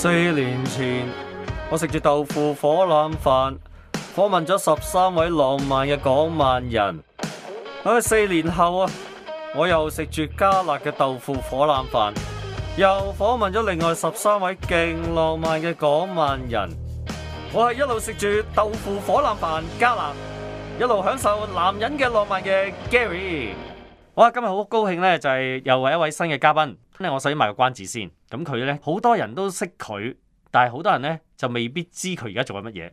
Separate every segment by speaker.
Speaker 1: 四年前，我食住豆腐火腩飯，訪問咗十三位浪漫嘅港萬人。喺四年後啊，我又食住加辣嘅豆腐火腩飯，又訪問咗另外十三位勁浪漫嘅港萬人。我係一路食住豆腐火腩飯加辣，一路享受男人嘅浪漫嘅 Gary。我今日好高興咧，就係、是、又為一位新嘅嘉賓，我首先賣個關子先。咁佢咧好多人都識佢，但係好多人咧就未必知佢而家做緊乜嘢。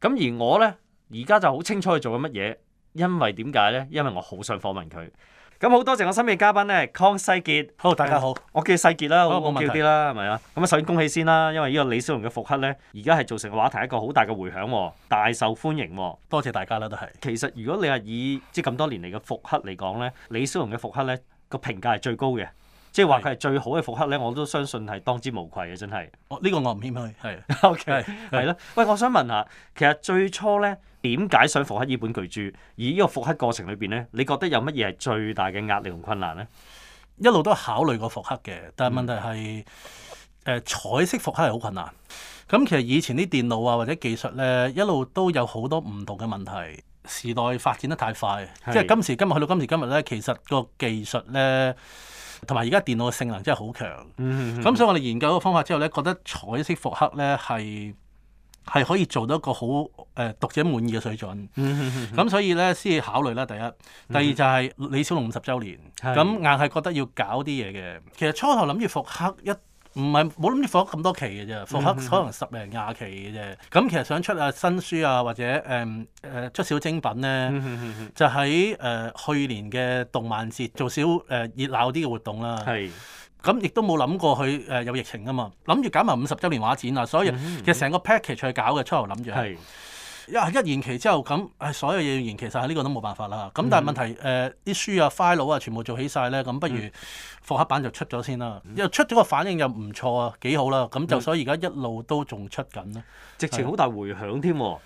Speaker 1: 咁而我咧而家就好清楚佢做緊乜嘢，因為點解咧？因為我好想訪問佢。咁好多謝我身邊嘅嘉賓咧，康世傑。Hello，大家好，我叫世傑啦，我叫啲啦，係咪啊？咁啊，首先恭喜先啦，因為呢個李小龍嘅復刻咧，而家係造成個話題一個好大嘅迴響喎，大受歡迎喎。多謝大家啦，都係。其實如果你係以即咁多年嚟嘅復刻嚟講咧，李小龍嘅復刻咧個評價係最高嘅。即係話佢係最好嘅復刻咧，我都相信係當之無愧嘅，真係。我呢、哦這個我唔謙虛，係 OK 係咯。 喂，我想問下，其實最初咧點解想復刻呢本巨著？而呢個復刻過程裏邊咧，你覺得有乜嘢係最大嘅壓力同困難咧？一路都考慮過復刻嘅，但係問
Speaker 2: 題係誒、嗯呃、彩色復刻係好困難。咁其實以前啲電腦啊或者技術咧，一路都有好多唔同嘅問題。時代發展得太快，即係的今時今日去到今時今日咧，其實個技術咧。同埋而家電腦嘅性能真係好強，咁、嗯嗯、所以我哋研究個方法之後咧，覺得彩色復刻咧係係可以做到一個好誒、呃、讀者滿意嘅水準，咁、嗯嗯嗯、所以咧先至考慮啦，第一，第二就係李小龍五十週年，咁、嗯、硬係覺得要搞啲嘢嘅。其實初頭諗住復刻一。唔係冇諗住復刻咁多期嘅啫，復刻可能十零廿期嘅啫。咁、嗯、哼其實想出下新書啊或者誒誒、嗯、出少精品咧，嗯、哼哼就喺誒、呃、去年嘅動漫節做少誒、呃、熱鬧啲嘅活動啦。咁亦是都冇諗過去誒、呃、有疫情啊嘛，諗住搞埋五十週年畫展啊，所以、嗯、哼哼其實成個 package 去搞嘅初頭諗住係。一一延期之後咁，係所有嘢要延期曬，呢、這個都冇辦法啦。咁但係問題誒，啲、嗯呃、書啊、file 啊，全部做起晒咧，咁不如復刻版就出咗先啦。因、嗯、又出咗
Speaker 1: 個反應又唔錯啊，幾好啦。咁就所以而家一路都仲出緊咧。嗯、的直情好大回響添，多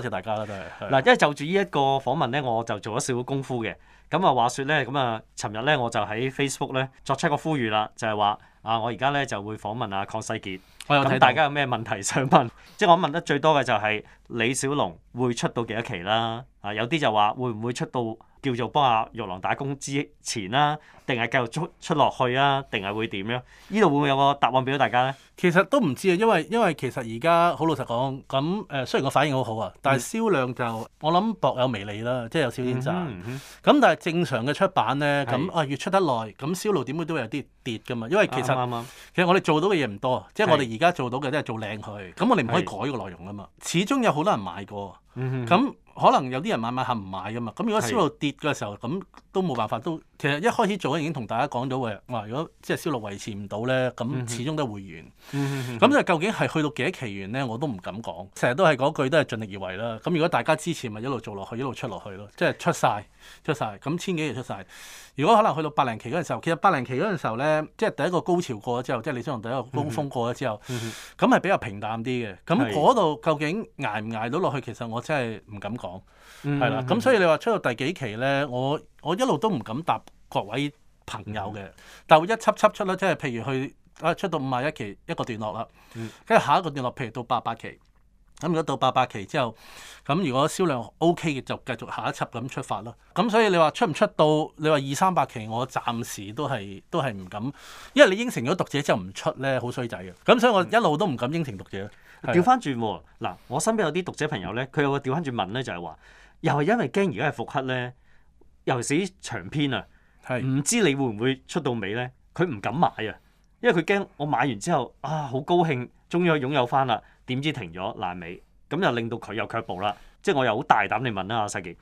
Speaker 1: 謝大家啦，都係。嗱，因為就住呢一個訪問咧，我就做咗少少功夫嘅。咁啊，話說咧，咁啊，尋日咧我就喺 Facebook 咧作出一個呼籲啦，就係話啊，我而家咧就會訪問啊，鄺世傑，咁我又睇大家有咩問題想問？即我問得最多嘅就係、係、李小龍會出到幾多期啦？啊，有啲就話會唔會出到？叫做幫阿玉郎打工之前啦、啊，定係繼續出出落去啊？定係會點樣、啊？依度會唔會有個答案俾到大家咧？其實都唔知啊，因為因為其實而家
Speaker 2: 好老實講，咁誒雖然個反應好好啊，但係銷量就、嗯、我諗薄有微利啦，即、就、係、是、有少少賺。咁、嗯嗯嗯、但係正常嘅出版咧，咁是啊越出得耐，咁銷路點會都會有啲跌噶嘛。因為其實啱啱、嗯嗯嗯嗯、其實我哋做到嘅嘢唔多，即係是我哋而家做到嘅都係做靚佢。咁我哋唔可以改個內容噶嘛。是始終有好多人買過，咁。可能有啲人慢慢買買下唔買㗎嘛，咁如果銷路跌嘅時候咁。都冇辦法，都其實一開始做已經同大家講咗嘅。如果即係銷量維持唔到咧，咁始終都係會完。咁 就究竟係去到幾多期完咧，我都唔敢講。成日都係嗰句都係盡力而為啦。咁如果大家支持，咪一路做落去，一路出落去咯。即係出晒、出晒，咁千幾日出晒。如果可能去到八零期嗰陣時候，其實八零期嗰陣時候咧，即係第一個高潮過咗之後，即係李小龍第一個高峰過咗之後，咁係 比較平淡啲嘅。咁嗰度究竟捱唔捱到落去？其實我真係唔敢講。係啦，咁所以你話出到第幾期咧？我我一路都唔敢答各位朋友嘅，但係我一輯輯出啦，即係譬如去啊，出到五十一期一個段落啦，跟住、嗯、下一個段落，譬如到八百期，咁如果到八百期之後，咁如果銷量 OK 嘅，就繼續下一輯咁出發咯。咁所以你話出唔出到？你話二三百期，我暫時都係都係唔敢，因為你應承咗讀
Speaker 1: 者之後唔出咧，好衰仔嘅。咁所以我一路都唔敢應承讀者。調翻轉，嗱，我身邊有啲讀者朋友咧，佢有個調翻轉問咧，就係話，又係因為驚而家係復刻咧，尤其是啲長篇啊，唔知你會唔會出到尾咧？佢唔敢買啊，因為佢驚我買完之後啊，好高興，終於擁有翻啦，點知停咗爛尾，咁又令到佢有卻步啦。即係我又好大膽地問啦，阿世傑，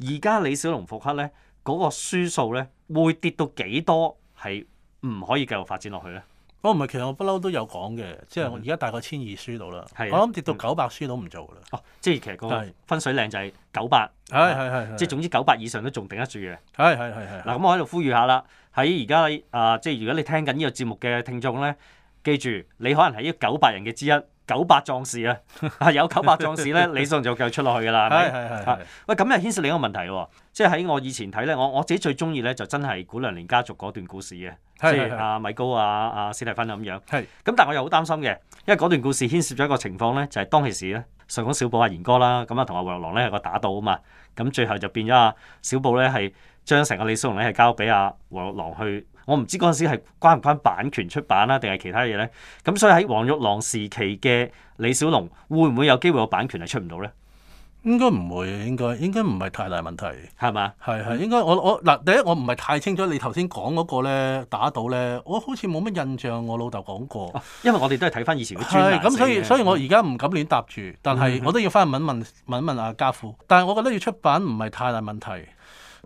Speaker 1: 而家李小龍復刻咧，嗰個輸數咧會跌到幾多？係唔可以繼續發展落去咧？我唔係，其實我不嬲都有講嘅，即係我而家大概千二輸到啦。的我諗跌到九百輸到唔做啦、嗯。哦，即係其實嗰個分水嶺就係九百。係係係，即係總之九百以上都仲頂得住嘅。
Speaker 2: 係係係係。嗱，
Speaker 1: 咁、啊嗯、我喺度呼籲下啦，喺而家啊，即係如果你聽緊呢個節目嘅聽眾咧，記住你可能係一九百人嘅之一。九百壯士啊， 有九百壯士咧，李小龍就繼續出落去噶啦。係係係。喂，咁又牽涉另一個問題喎、啊，即係喺我以前睇咧，我我自己最中意咧，就真係古良連家族嗰段故事嘅， 即係阿米高、啊、阿史蒂芬咁、啊、樣。係。咁但係我又好擔心嘅，因為嗰段故事牽涉咗一個情況咧，就係當其時咧，上官小寶阿、啊、賢哥啦、啊，咁啊同阿黃玉郎咧個打鬥啊嘛，咁最後就變咗阿小寶咧係將成個李小龍咧係交俾阿黃玉郎去。我唔知嗰陣時係關唔關版權出版啦、啊，定係其他嘢咧。咁所以喺黃玉郎時期嘅李小龍，會唔會有機會個版權係出唔到咧？應該唔會，應該應該唔係太大問題，係嘛吧？係係，
Speaker 2: 應該我我嗱第一我唔係太清楚你頭先講嗰個咧打到咧，我好似冇乜印
Speaker 1: 象我爸爸，我老豆講過。因為我哋都係睇翻以前嘅專賣。咁所以所以我
Speaker 2: 而家唔敢亂答住，但係我都要翻去問一問， 問問阿家父，但係我覺得要出版唔係太大問題。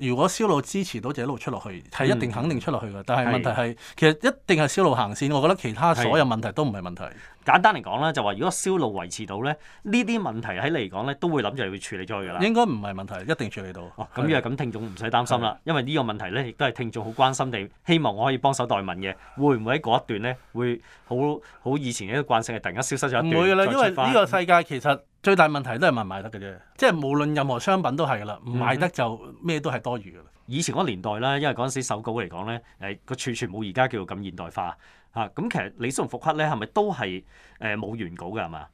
Speaker 2: 如果銷路支持到就一路出落去，係一定肯定出落去嘅。但係問題係，是其實一定係銷路行先，我覺得
Speaker 1: 其他所有問題都唔係問題。簡單嚟講咧，就話、是、如果銷路維持到咧，呢啲問題喺嚟講咧，都會諗住要處理咗佢噶啦。應該唔
Speaker 2: 係問題，一定處理到。哦，咁依家
Speaker 1: 咁聽眾唔使擔心啦，的因為呢個問題咧，亦都係聽眾好關心地，希望我可以幫手代問嘅，會唔會喺嗰一段咧會好好以前嘅慣性係突然間消失咗一段？唔會啦，因為呢個世
Speaker 2: 界其實。嗯最大問題都係賣唔賣得嘅啫，即係無論任何商品都係嘅啦，唔賣得
Speaker 1: 就咩都係多餘嘅。嗯、哼以前嗰年代咧，因為嗰陣時手稿嚟講咧，誒、欸、個儲存冇而家叫做咁現代化嚇。咁、啊嗯、其實你、呃、做復刻咧，係咪都係誒冇原稿嘅係嘛？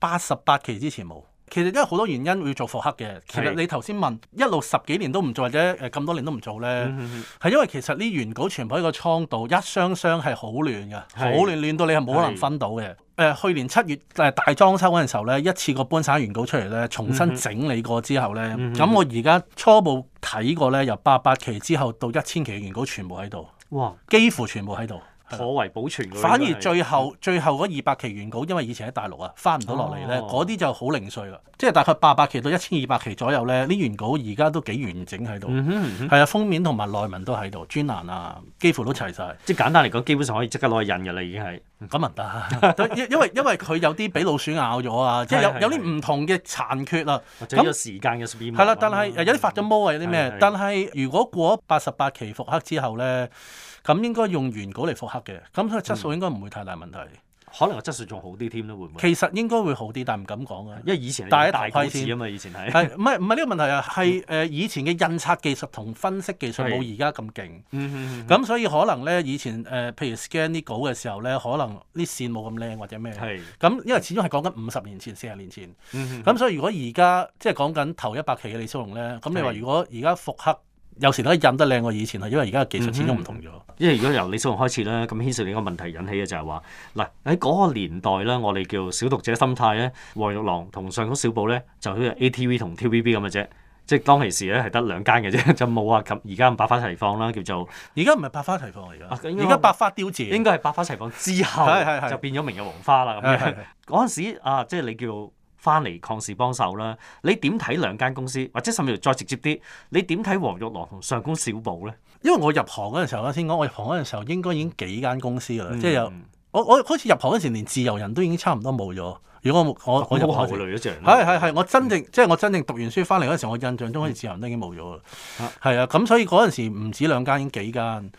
Speaker 1: 八十八期
Speaker 2: 之前冇，其實因為好多原因會做復刻嘅。其實你頭先問一路十幾年都唔做，或者咁多年都唔做咧，係、嗯、哼因為其實呢原稿全部喺個倉度一箱箱係好亂嘅，好亂亂到你係冇可能分到嘅。誒、呃、去年七月誒、呃、大裝修嗰陣時候咧，一次過搬曬啲原稿出嚟咧，重新整理過之後咧，咁、嗯、哼我而家初步睇過咧，由八百期之後到一千期嘅原稿全部喺度，哇，幾乎全部喺度。
Speaker 1: 頗為保存，反而最
Speaker 2: 後最後嗰二百期原稿，因為以前喺大陸啊，翻唔到落嚟咧，嗰啲就好零碎啦，即係大概八百期到一千二百期左右咧，啲原稿而家都幾完整喺度，係啊，封面同埋內文都喺度，專欄啊，幾乎都齊晒。即係簡單嚟講，基本上可以即刻攞去印㗎啦，已經係。咁啊得。因因為因為佢有啲俾老鼠咬咗啊，即係有有啲唔同嘅殘缺啊。咁時間
Speaker 1: 嘅損壞。係啦，但係有
Speaker 2: 啲發咗毛啊，有啲咩？但係如果過咗八十八期復刻之後咧。咁應該用原稿嚟復刻嘅，咁佢嘅質素應該唔會太大問題，嗯、可能個質素仲好啲添咯，會唔會？其實應該會好啲，但係唔敢講啊，因為以前大一大批紙啊嘛，以前係係唔係唔係呢個問題啊？係，誒以前嘅印刷技術同分析技術冇而家咁勁，咁、嗯、所以可能咧以前誒、呃、譬如 scan 啲稿嘅時候咧，可能啲線冇咁靚或者咩？係咁、嗯，因為始終係講緊五十年前、四十年前，咁、嗯、所以如果而家即係講緊頭一百期嘅李小龍咧，咁你話如果而家復刻？
Speaker 1: 有時都可以印得靚過以前啊，因為而家嘅技術始終唔同咗、嗯。因為如果由李小龍開始咧，咁牽涉到一個問題引起嘅就係話，嗱喺嗰個年代咧，我哋叫小讀者心態咧，黃玉郎同上官小寶咧，就好似 ATV 同 TVB 咁嘅啫，即係當其時咧係得兩間嘅啫，就冇話及而家咁百花齊放啦，叫做而家唔係百花齊放嚟、啊、㗎，而家、啊、該百花凋謝。應該係百花齊放之後就變咗明日黃花啦。咁樣嗰陣時啊，即係你叫。翻嚟抗事幫手啦，你點睇兩間公司，或者甚至乎再直接啲，你點睇黃玉郎同上官小寶咧？因為我入行嗰陣時候咧，聽講我入行嗰陣時候應該已經幾間公司啦，
Speaker 2: 即係有我我好似入行嗰時連自由人都已經差唔多冇咗。如果我我我冇考慮咗只，係係我真正即係我真正讀完書翻嚟嗰時我印象中好似自由行都已經冇咗
Speaker 3: 啦。
Speaker 2: 係啊，咁所以嗰陣時唔止兩間，已經幾間。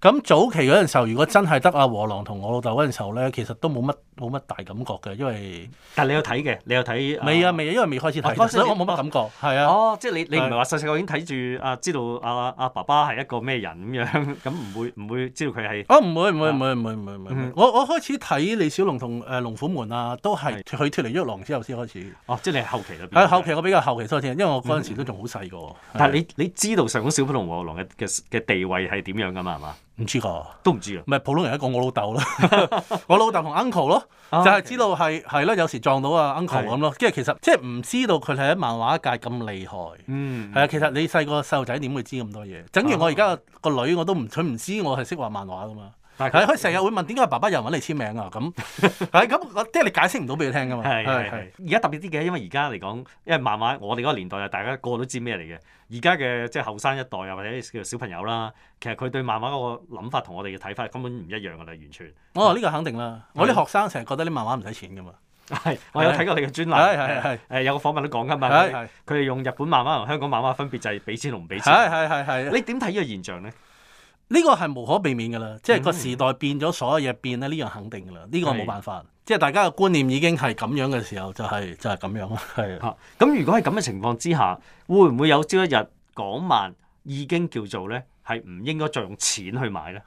Speaker 2: 咁早期嗰陣時候，如果真係得阿和狼同我老豆嗰陣時候咧，其實都冇乜冇乜大感覺嘅，因為
Speaker 1: 但係你有睇嘅，你有睇未啊？未啊？因為未開始睇，所以我冇乜感覺。係啊，哦，即係你你唔係話細細個已經睇住啊，知道阿阿爸爸係一個咩人咁樣，咁唔會唔會知道佢係哦，唔會唔會唔會唔會唔會，
Speaker 2: 我我開始睇李小龍同誒龍虎門啊，都係。佢脫離玉郎之後先開始。
Speaker 1: 哦，即係你係後期咯。
Speaker 2: 後期，我比較後期多啲，因為我嗰陣時都仲好細個。但係
Speaker 1: 你你知道上官小寶和玉郎嘅嘅地位係點樣㗎嘛？係嘛？唔知㗎，都唔知㗎。咪普通人一個我老豆
Speaker 2: 咯，我老豆同 uncle 咯，就係知道係係咯，有時撞到阿 uncle 咁咯。跟住其實即係唔知道佢係喺漫畫界咁厲害。
Speaker 3: 嗯。係啊，
Speaker 2: 其實你細個細路仔點會知咁多嘢？整完我而家個女我都唔，佢唔知我係識畫漫畫㗎嘛。但係佢成日會問點解爸爸又揾你簽名啊？咁係咁，即係你解釋唔到俾佢聽㗎嘛？係係。而
Speaker 1: 家特別啲嘅，因為而家嚟講，因為漫畫，我哋嗰個年代大家個個都知咩嚟嘅。而家嘅即係後生一代啊，或者叫小朋友啦，其實佢對漫畫嗰個諗法同我哋嘅睇法根本唔一樣㗎啦，完全。
Speaker 2: 哦，呢個肯定啦。我啲學生成日覺得啲漫畫唔使錢㗎嘛。係，我有睇過你嘅專欄。係係
Speaker 1: 係。有個訪問都講㗎嘛。佢哋用日本漫畫同香港漫畫分別就係俾錢同唔俾錢。你點睇呢個現象咧？呢個係無可避免噶啦，即係個時代變咗，所有
Speaker 2: 嘢變咧，呢樣肯定噶啦，呢個冇辦法。的即係大家嘅觀念已經係咁樣嘅時候，就係、是、就係、是、咁
Speaker 1: 樣啦。係吓，咁如果係咁嘅情況之下，會唔會有朝一日港漫已經叫做咧係唔應該再用錢去買咧？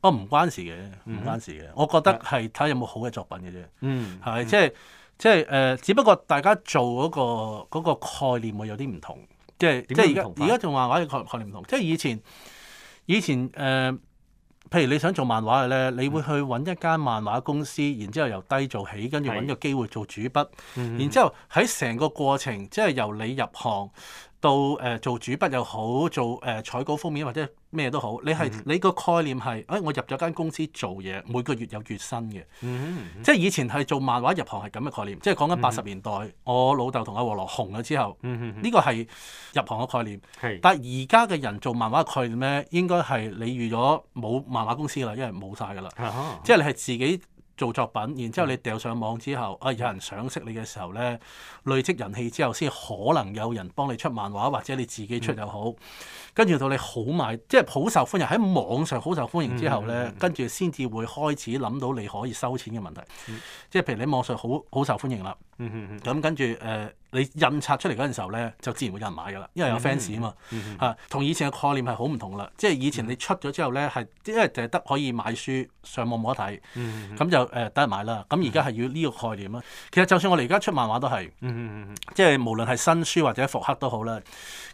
Speaker 1: 哦，唔關事嘅，唔關
Speaker 2: 事嘅，嗯、我覺得係睇下有冇好嘅作品嘅啫。嗯，係的、嗯、即係即係誒，只不過大家做嗰、嗰個、嗰個概念會有啲唔同，即係即係而家而家仲話我哋概概念唔同，即係以前。以前誒、呃，譬如你想做漫畫嘅咧，你會去揾一間漫畫公司，然之後由低做起，跟住揾個機會做主筆，的然之後喺成個過程，即係由你入行。做誒、呃、做主筆又好，做誒彩稿封面或者咩都好，你係、mm hmm. 你個概念係，誒、哎、我入咗間公司做嘢，每個月有月薪嘅，mm
Speaker 3: hmm. 即係
Speaker 2: 以前係做漫畫入行係咁嘅概念，即係講緊八十年代，mm hmm. 我老豆同阿和羅紅咗之後，呢、
Speaker 3: mm hmm. 個
Speaker 2: 係入行嘅概念。係、mm，hmm. 但而家嘅人做漫畫嘅概念咧，應該係你預咗冇漫畫公司噶啦，因為冇晒噶啦，即係你係自己。做作品，然之後你掉上網之後，啊有人賞識你嘅時候咧，累積人氣之後，先可能有人幫你出漫畫，或者你自己出又好，嗯、跟住到你好賣，即係好受歡迎，喺網上好受歡迎之後咧，嗯、跟住先至會開始諗到你可以收錢嘅問題，即係譬如你網上好好受歡迎啦。咁、嗯、跟住誒、呃，你印刷出嚟嗰陣時候咧，就自然會有人買噶啦，因為有 fans 啊嘛，同、嗯啊、以前嘅概念係好唔同啦。即係以前你出咗之後咧，係因為就係得可以買書上網冇得睇，咁、嗯、就誒、呃、得人買啦。咁而家係要呢個概念咯。其實就算我哋而家出漫畫都係，嗯、哼哼即係無論係新書或者復刻都好啦。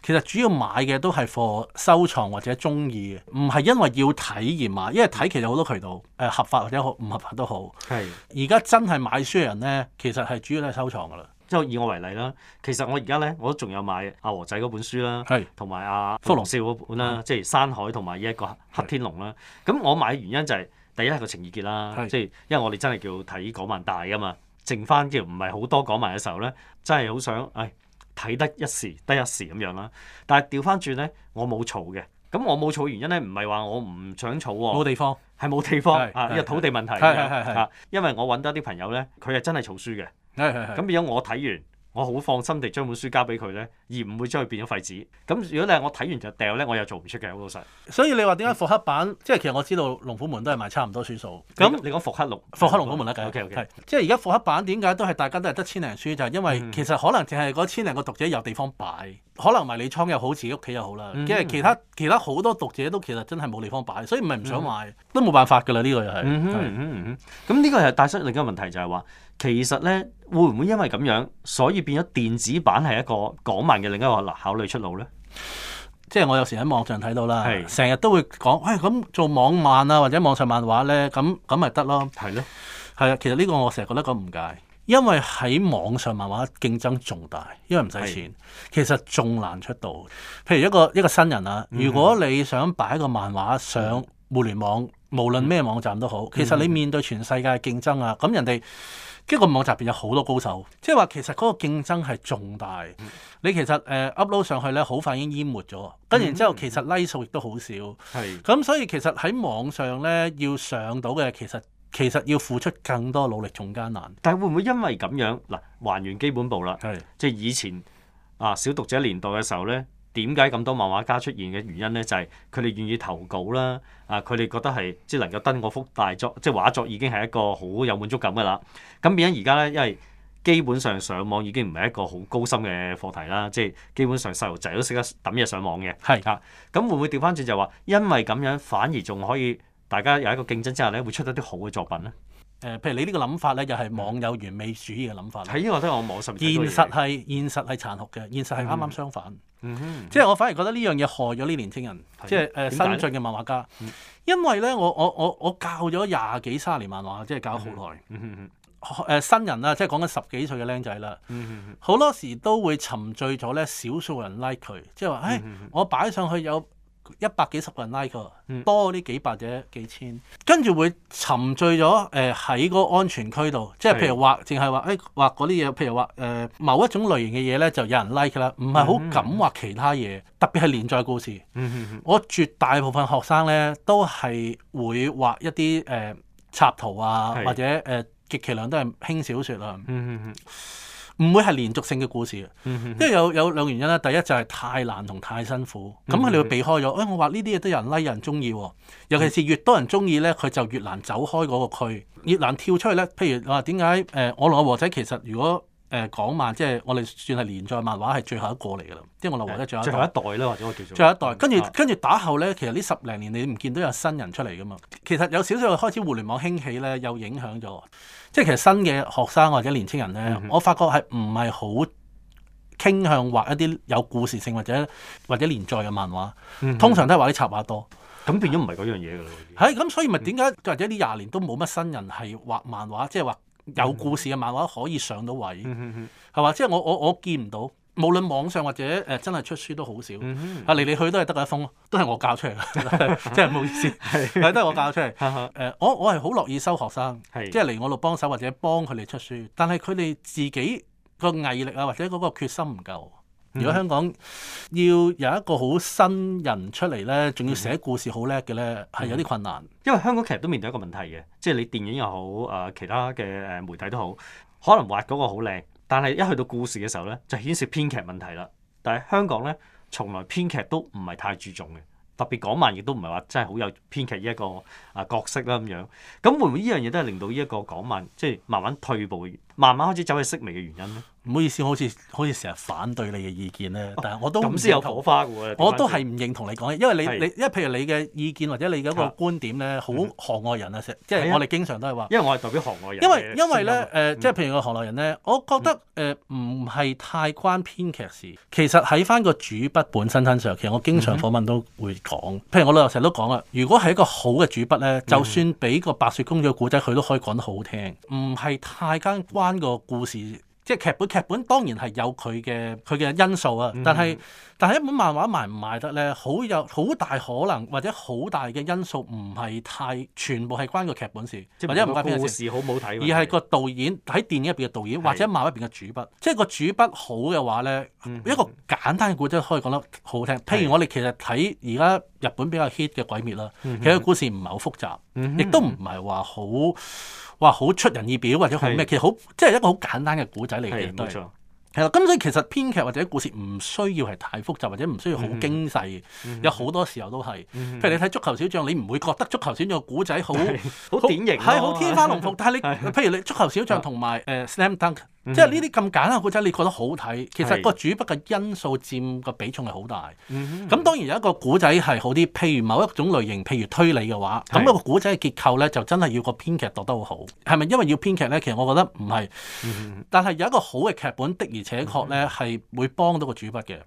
Speaker 2: 其實主要買嘅都係 for 收藏或者中意嘅，唔係因為要睇而買，因為睇其實有好多渠道。合法或者
Speaker 1: 好唔合法都好，
Speaker 3: 係
Speaker 1: 而家真係買書嘅人咧，其實係主要都係收藏噶啦。即係以我為例啦，其實我而家咧，我都仲有買阿和仔嗰本書啦，係同埋阿福龍少嗰本啦，是即係山海同埋呢一個黑天龍啦。咁是我買嘅原因就係、是、第一係個情意結啦，即係是、就是、因為我哋真係叫睇港漫大噶嘛，剩翻叫唔係好多港漫嘅時候咧，真係好想誒睇得一時得一時咁樣啦。但係調翻轉咧，我冇儲嘅，咁我冇儲嘅原因咧，唔係話我唔想儲，冇地方。係冇地方，呢個土地問題。因為我揾到啲朋友咧，佢係真係藏書嘅，咁變咗我睇完。我好放心地將本書交俾佢咧，而唔會將佢變咗廢紙。咁如果你係我睇完就掉咧，我又做唔出嘅好老實。
Speaker 2: 所以你話點解復刻版？嗯、即係其實我知道《龍虎門》都係賣差唔多書數。咁那你講復刻龍復刻《龍虎門》啦，梗係。OK, okay。即係而家復刻版點解都係大家都係得千零書？就係、因為其實可能淨係嗰千零個讀者有地方擺，可能迷你倉又好，自己屋企又好啦。因為、嗯嗯、其他
Speaker 1: 其他好多讀者都其實真係冇地方擺，所以唔係唔想買，嗯哼嗯哼嗯哼都冇辦法㗎啦。呢、呢個又係。是嗯咁呢、嗯、個又帶出另一個問題就係、係、話。其實呢，會唔會因為咁樣，所以變咗電子版係一個港漫嘅另一個考慮出路呢？即係我有時喺
Speaker 2: 網上睇到啦，成日是都會講，哎，咁做網漫啊，或者網上漫畫呢，咁咁咪得咯？係咯，係啊的。其實呢個我成日覺得個誤解，因為喺網上漫畫競爭仲大，因為唔使錢，是其實仲難出道。譬如一個一個新人啊，如果你想擺一個漫畫上互聯網，嗯、無論咩網站都好，其實你面對全世界競爭啊，咁人哋。跟住個網站入邊有好多高手，即係話其實嗰個競爭係仲大。嗯、你其實誒 upload、呃、上去咧，好快已經淹沒咗。跟然、嗯、之後，其實 like 數亦都好少。係是。咁所以其實喺網上咧要上到嘅，其實其實要付出更多努力，仲艱難。
Speaker 1: 但係會唔會因為咁樣嗱，還原基本步啦？係是。即係以前啊，小讀者年代嘅時候咧。點解咁多漫畫家出現嘅原因咧，就係佢哋願意投稿啦。啊，佢哋覺得係即係能夠登個幅大作，即係畫作已經係一個好有滿足感嘅啦。咁變咗而家咧，因為基本上上網已經唔係一個好高深嘅課題啦。即係基本上細路仔都識得揼嘢上網嘅。係啊的，咁會唔會調翻轉就話，因為咁樣反而仲可以大家有一個競爭之下咧，會出得啲好嘅作品
Speaker 2: 咧？誒、呃，譬如你個呢個諗法咧，又係網友完美主義嘅諗法。喺呢、嗯、個都係我網上。現實係現實係殘酷嘅，現實係啱啱相反、嗯。嗯、即係我反而覺得呢樣嘢害咗啲年青、嗯、哼人，即係誒新進嘅漫畫家，因為咧我我我我教咗廿幾卅年漫畫，即係教好耐。誒新人啦，即係講緊十幾歲嘅僆仔啦，好、嗯、哼多時都會沉醉咗咧，少數人 like 佢，即係話誒，唉嗯、哼我擺上去有，一百幾十個人 like、嗯、多啲幾百或者幾千，跟住會沉醉咗誒喺個安全區度，即係譬如畫，淨係是的 畫誒、欸、畫嗰啲嘢，譬如話誒、呃、某一種類型嘅嘢咧，就有人 like 啦，唔係好敢畫其他嘢，嗯、特別係連載故事。嗯嗯嗯嗯、我絕大部分學生呢，都係會畫一啲誒、呃、插圖啊，是的 或者誒、呃、極其量都係輕小說啊。嗯嗯唔會係連續性嘅故事， 因為有有兩個原因啦。第一就係太難同太辛苦，咁佢哋會避開咗。誒、哎，我話呢啲嘢都有人 like，有人中意、哦，尤其是越多人中意咧，佢就越難走開嗰個區，越難跳出去咧。譬如話點解誒，我同和，和仔其實如果。誒，港漫即係我哋算係連載漫畫係最後一個嚟嘅啦，即係我諗話咧最後一代啦，或者我叫做最後一代。跟住跟住打後咧，其實呢十零年你唔見到有新人出嚟噶嘛。其實有少少開始互聯網興起咧，又影響咗。即係其實新嘅學生或者年青人咧，我發覺係唔係好傾向畫一啲有故事性或者或者連載嘅漫畫，通常都係畫啲插畫多。
Speaker 1: 咁變咗唔係嗰樣嘢㗎啦。
Speaker 2: 係咁，所以咪點解或者呢廿年都冇乜新人係畫漫畫，即係畫？有故事嘅漫畫可以上到位，係嘛、嗯？即係、就是、我我我見唔到，無論網上或者誒、呃、真係出書都好少。嗯、哼啊嚟嚟去都係得嗰一封，都係我教出嚟，即係唔好意思，係都係我教出嚟。誒、 呃，我我係好樂意收學生， 即係嚟我度幫手或者幫佢哋出書，但係佢哋自己個毅力啊或者嗰個決心唔夠。如果香港要有一個好新人
Speaker 1: 出嚟咧，仲要寫故事好叻嘅咧，係有啲困難、嗯嗯。因為香港其實都面對一個問題嘅，即係你電影又好，誒、呃、其他嘅誒媒體都好，可能畫嗰個好靚，但係一去到故事嘅時候咧，就顯示編劇問題啦。但係香港咧，從來編劇都唔係太注重嘅，特別港漫亦都唔係話真係好有編劇呢一個啊角色啦咁樣。咁會唔會呢樣嘢都係令到呢一個港漫即係慢慢退步，慢慢開始走去式微嘅原因咧？唔好意思，我好
Speaker 2: 似好似成日反對你嘅意見咧，啊、但係我都咁先、啊、有火花嘅我都係唔認同你講嘢，因為你你，因為譬如你嘅意見或者你有一個觀點咧，好行、啊、外人啊，嗯、即係我哋經常都係話，因為我係代表行外人。因為因為咧，誒、呃，即係譬如個行外人咧，我覺得誒唔係太關編劇事。嗯、其實喺返個主筆本身身上，其實我經常訪問都會講，嗯、譬如我老友成日都講啊，如果係一個好嘅主筆咧，就算俾個白雪公主嘅古仔，佢都可以講得好聽，唔係太關關個故事。即係劇本，劇本當然係有佢嘅佢嘅因素啊。但係、嗯、但係一本漫畫賣唔賣得咧？好有好大可能，或者好大嘅因素唔係太全部係關個劇本事，即或者唔關故事好唔好睇。而係個導演喺的電影入邊嘅導演，或者漫畫入邊嘅主筆。即係個主筆好嘅話咧，的一個簡單嘅故事可以講得好好聽。的譬如我哋其實睇而家日本比較 hit 嘅《鬼滅》啦，其實個故事唔係好複雜，亦都唔係話好，話好出人意表或者係咩？是其實好，即係一個好簡單嘅古仔嚟嘅，是對唔錯？係啦，咁所以其實編劇或者故事唔需要係太複雜或者唔需要好精細嘅，有好多時候都係。嗯、譬如你睇足球小將，你唔會覺得足球小將嘅故仔好是好典型，係好天花龍鳳。 但係你譬如你足球小將同埋誒《Slam Dunk》。即係呢啲咁簡單嘅古仔，你覺得好睇，其實個主筆嘅因素佔個比重係好大。咁當然有一個古仔係好啲，譬如某一種類型，譬如推理嘅話，咁個古仔嘅結構咧，就真係要個編劇度得好好，係咪？因為要編劇咧，其實我覺得唔係。但係有一個好嘅劇本的而且確咧，係會幫到個主筆嘅。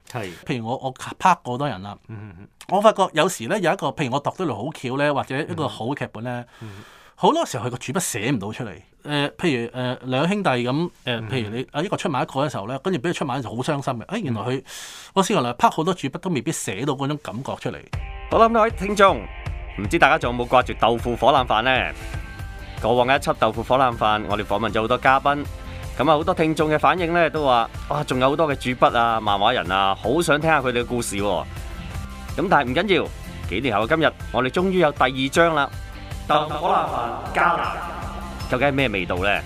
Speaker 2: 譬如我我拍過好多人啦，我發覺有時咧有一個譬如我度得嚟好橋咧，或者一個好嘅劇本咧。好多時候佢個主筆寫唔到出嚟，誒、呃，譬如誒兩、呃、兄弟咁，誒、呃，譬如你啊一個出埋一個嘅時候咧，跟住俾佢出埋就好傷心嘅，誒、哎，原來佢，我試過拍好多主筆都未必寫到嗰種感覺出嚟。
Speaker 1: 好啦，咁多位聽眾，唔知大家仲有冇掛住豆腐火腩飯咧？過往一輯豆腐火腩飯，我哋訪問咗好多嘉賓，咁啊好多聽眾嘅反應咧都話，哇，仲有好多嘅主筆啊、漫畫人啊，好想聽下佢哋嘅故事、啊。咁但係唔緊要，幾年後嘅今日，我哋終於有第二章啦。但好難話膠囊究竟係咩味道咧？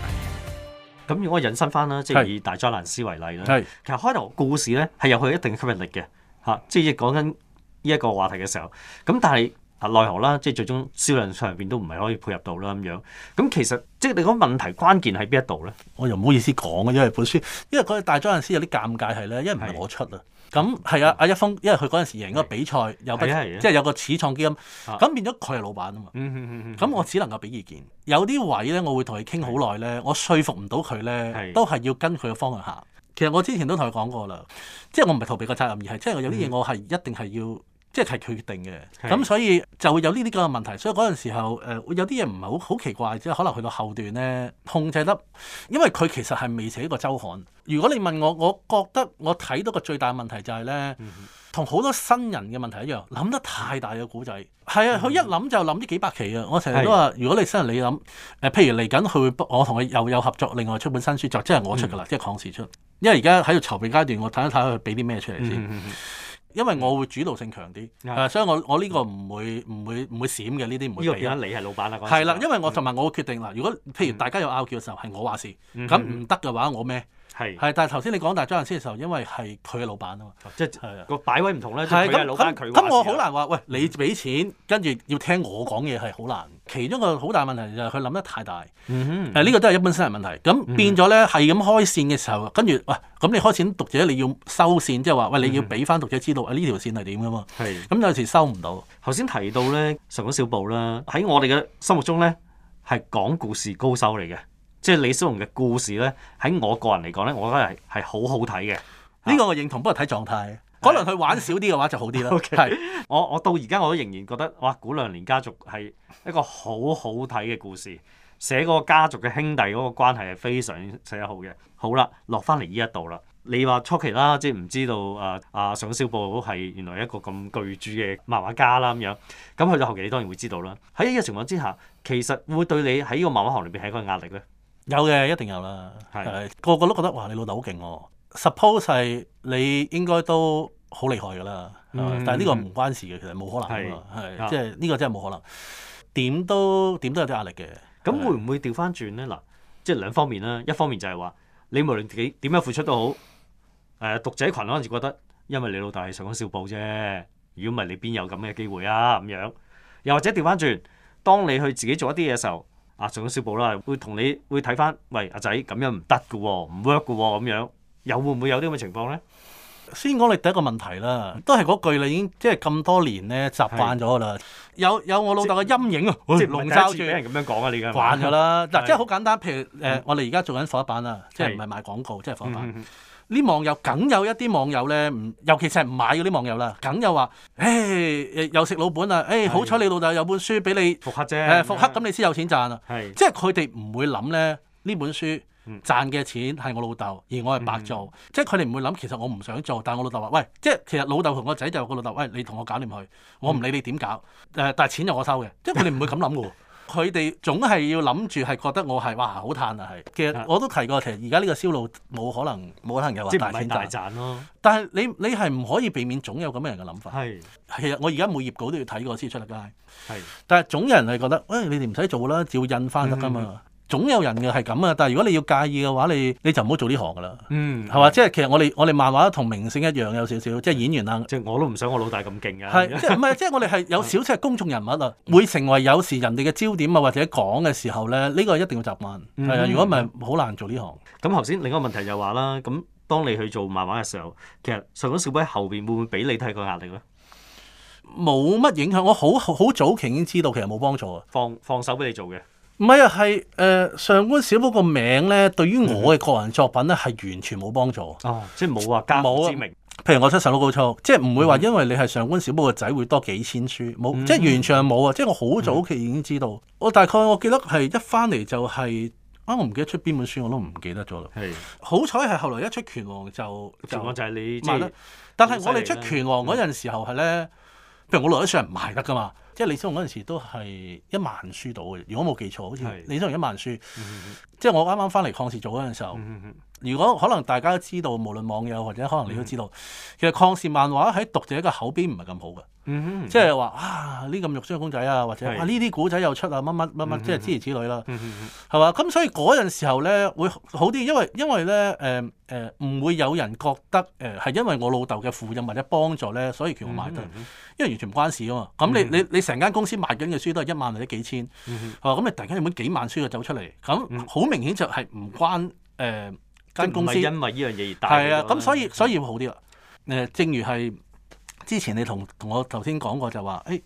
Speaker 1: 咁如果我引申翻啦，即係以《大災難史》為例啦，係是其實開頭故事咧係有佢一定吸引力嘅嚇。即係講緊呢一個話題嘅時候，咁但係奈何啦，即係最終銷量上入邊都唔係可以配合到啦咁樣。咁其實即係你講問題關鍵喺邊一度咧？我又
Speaker 2: 唔好意思講啊，因為本書
Speaker 1: 因為嗰《大災
Speaker 2: 難史》有啲尷尬係咧，因為唔係我出啊。咁係啊，阿、嗯啊、一峰，因為佢嗰陣時贏咗比賽，的有個的即係有個始創基金，咁、啊、變咗佢係老闆啊嘛。咁、嗯嗯嗯、我只能夠俾意見，有啲位咧，我會同佢傾好耐咧，的我說服唔到佢咧，都係要跟佢嘅方向行。其實我之前都同佢講過啦，即、就、係、是、我唔係逃避個責任，而係即係有啲嘢我係一定係要。嗯即係佢決定嘅，咁是、嗯、所以就會有呢啲咁嘅問題。所以嗰陣時候，誒、呃、會有啲嘢唔係好好奇怪，即係可能去到後段咧控制得，因為佢其實係未寫過周刊。如果你問我，我覺得我睇到個最大問題就係、是、咧，同好、嗯、哼多新人嘅問題一樣，諗得太大嘅古仔。係啊，佢一諗就諗啲幾百期啊。我成日都話，嗯、哼如果你新人你諗誒，譬如嚟緊佢會，我同佢又有合作，另外出本新書作，即係我出噶啦，嗯、哼即係廣視出。因為而家喺度籌備階段，我睇一睇佢俾啲咩出嚟先。嗯哼因為我會主導性強啲的、啊，所以我我呢個唔會唔，嗯、會唔會，會閃嘅呢啲唔會俾。而家你係老闆啦，係啦，因為我同埋的我，的我會決定嗱，如果譬如大家有拗撬嘅時候，係、嗯、我話事，咁唔得嘅話，我咩？係，係但係頭先你講大張亞先嘅時候，因為係佢嘅老闆啊嘛，即係個擺位唔同咧。係咁咁，咁我好難話，喂，你俾錢跟住要聽我講嘢係好難。其中個好大問題就係佢諗得太大。呢個都係一般新人問題。咁變咗咧，係咁開線嘅時候，跟住喂，咁你開線讀者你要收線，即係話喂，你要俾翻讀者知道呢條線係點噶嘛？係。咁有時收
Speaker 1: 唔到。頭先提到咧，上咗小報啦，喺我哋嘅心目中咧係講故事高手嚟嘅。即係李小龍嘅故事咧，喺我個人嚟講咧，我覺得係好好睇嘅。呢個我認同，啊、不過睇狀態，的可能佢玩少啲嘅話就好啲啦。係 Okay. 是我我到而家我都仍然覺得哇，古良連家族係一個好好睇嘅故事，寫嗰個家族嘅兄弟嗰個關係係非常寫得好嘅。好啦，落翻嚟呢一度啦，你話初期啦，即係唔知道誒誒、啊啊、上官小寶係原來一個咁巨著嘅漫畫家啦咁樣，咁去到後期你當然會知道啦。喺呢個情況之下，其實會唔會對你喺呢個漫畫行裏邊係一個壓力咧？有嘅，一定有啦。係的個個都覺得哇，你老豆好勁喎。
Speaker 2: Suppose 係你應該都好厲害㗎啦。嗯、但係呢個唔關事嘅，其實冇
Speaker 1: 可能㗎，即係呢個真係冇可能。點都點都，都有啲壓力嘅。咁的會唔會調翻轉咧？嗱，即係兩方面啦。一方面就係話你無論自己點樣付出都好，誒讀者群嗰陣時覺得因為你老豆係上緊小報啫。如果唔係你邊有咁嘅機會啊？咁樣又或者調翻轉，當你去自，自己做一啲嘢時候。啊，上咗小寶啦，會同你會睇翻，喂阿仔咁樣唔得嘅喎，唔 work 嘅喎、哦，咁樣有會唔會有啲咁嘅情況咧？先講你第一個問題啦，都係嗰句啦，已經即係咁多年
Speaker 2: 咧習慣咗啦，是有有我老豆嘅陰影啊，遮籠罩住。點解次次俾、哎、人咁樣講啊？你而家慣㗎啦。嗱 是，即係好簡單，譬如誒、嗯呃，我哋而家做緊火板啊，即係唔係賣廣告，即係火板。嗯啲網友梗有一啲網友咧，唔尤其是係唔買嗰啲網友啦，梗有話，誒、哎、又食老本啦，誒、哎、的好彩你老豆有本書俾你復刻啫，誒、呃、復刻咁的你先有錢賺啊，的即係佢哋唔會諗咧呢本書賺嘅錢係我老豆，而我係白做，嗯、即係佢哋唔會諗其實我唔想做，但係我老豆話，喂，即係其實老豆同個仔就個老豆，喂你同我搞掂佢，我唔理你點搞，嗯呃、但係錢又我收嘅，即係佢哋唔會咁諗嘅喎。 佢哋總係要諗住係覺得我係，哇，好嘆啊，係。其實我都提過，其實而家呢個銷路冇可能，冇可能嘅話，即係大賺咯。但係你你係唔可以避免，總有咁樣嘅人嘅諗法。係是，其實我而家每頁稿都要睇過先出得街。係，是但係總有人係覺得，唉、哎，你哋唔使做啦，照印返得㗎嘛。嗯嗯嗯嗯總有人嘅係咁啊，但係如果你要介意嘅話，你你就唔好做呢行噶啦。嗯，係嘛？即係其實我哋我哋漫畫同明星一樣，有少少即係演員啊。即係我都唔想我老大咁勁嘅。係是， 即係唔係？即係我哋係有少少係公眾人物啊，嗯、會成為有時人哋嘅焦點啊，或者講嘅時候咧，呢、呢個一定要習慣。係啊，如果唔係好難做呢行。
Speaker 1: 咁頭先另一個問題就話啦，咁當你去做漫畫嘅時候，其實上咗小輝後邊會唔會俾你睇個壓力咧？冇乜影響，我好好，好早期已經知道其實冇幫助啊，放放手俾你做嘅。唔係啊，係
Speaker 2: 誒、呃、上官小寶個名咧，對於我嘅個人作品咧係、嗯、哼完全冇幫助。哦，即係冇話加名。冇啊。譬如我出十佬高唱，即係唔會話因為你係上官小寶個仔會多幾千書冇、嗯哼，即係完全冇啊！即係我好早期已經知道，嗯、哼我大概我記得係一返嚟就係、是、啊，我唔記得出邊本書我都唔記得咗啦。係的。好彩係後來一出拳王就就就係你賣得了，但係我哋出拳王嗰陣時候係咧，譬如我落一唔賣得噶嘛。即係李小龍嗰陣時都係一萬人書到嘅，如果冇記錯，好似李小龍一萬人書，的嗯、哼即係我啱啱翻嚟抗市做嗰陣時候。嗯如果可能大家都知道，無論網友或者可能你都知道，其實創世漫畫喺讀者嘅口碑唔係咁好嘅，即係話啊呢咁肉酸公仔啊，或者呢啲古仔又出啊乜乜乜乜，即係諸如此類啦，係嘛？咁所以嗰陣時候咧會好啲，因為因為咧誒誒唔會有人覺得誒係因為我老豆嘅父蔭或者幫助咧，所以叫我賣得，因為完全唔關事啊嘛。咁你你你成間公司賣緊嘅書都係一萬或者幾千，係嘛？咁你突然間有冇幾萬書就走出嚟？咁好明顯就係唔關誒。公司因為
Speaker 1: 呢樣嘢而大，係啊，咁所
Speaker 2: 以所以會好啲啦。誒，正如係之前你同同我頭先講過就，就話誒。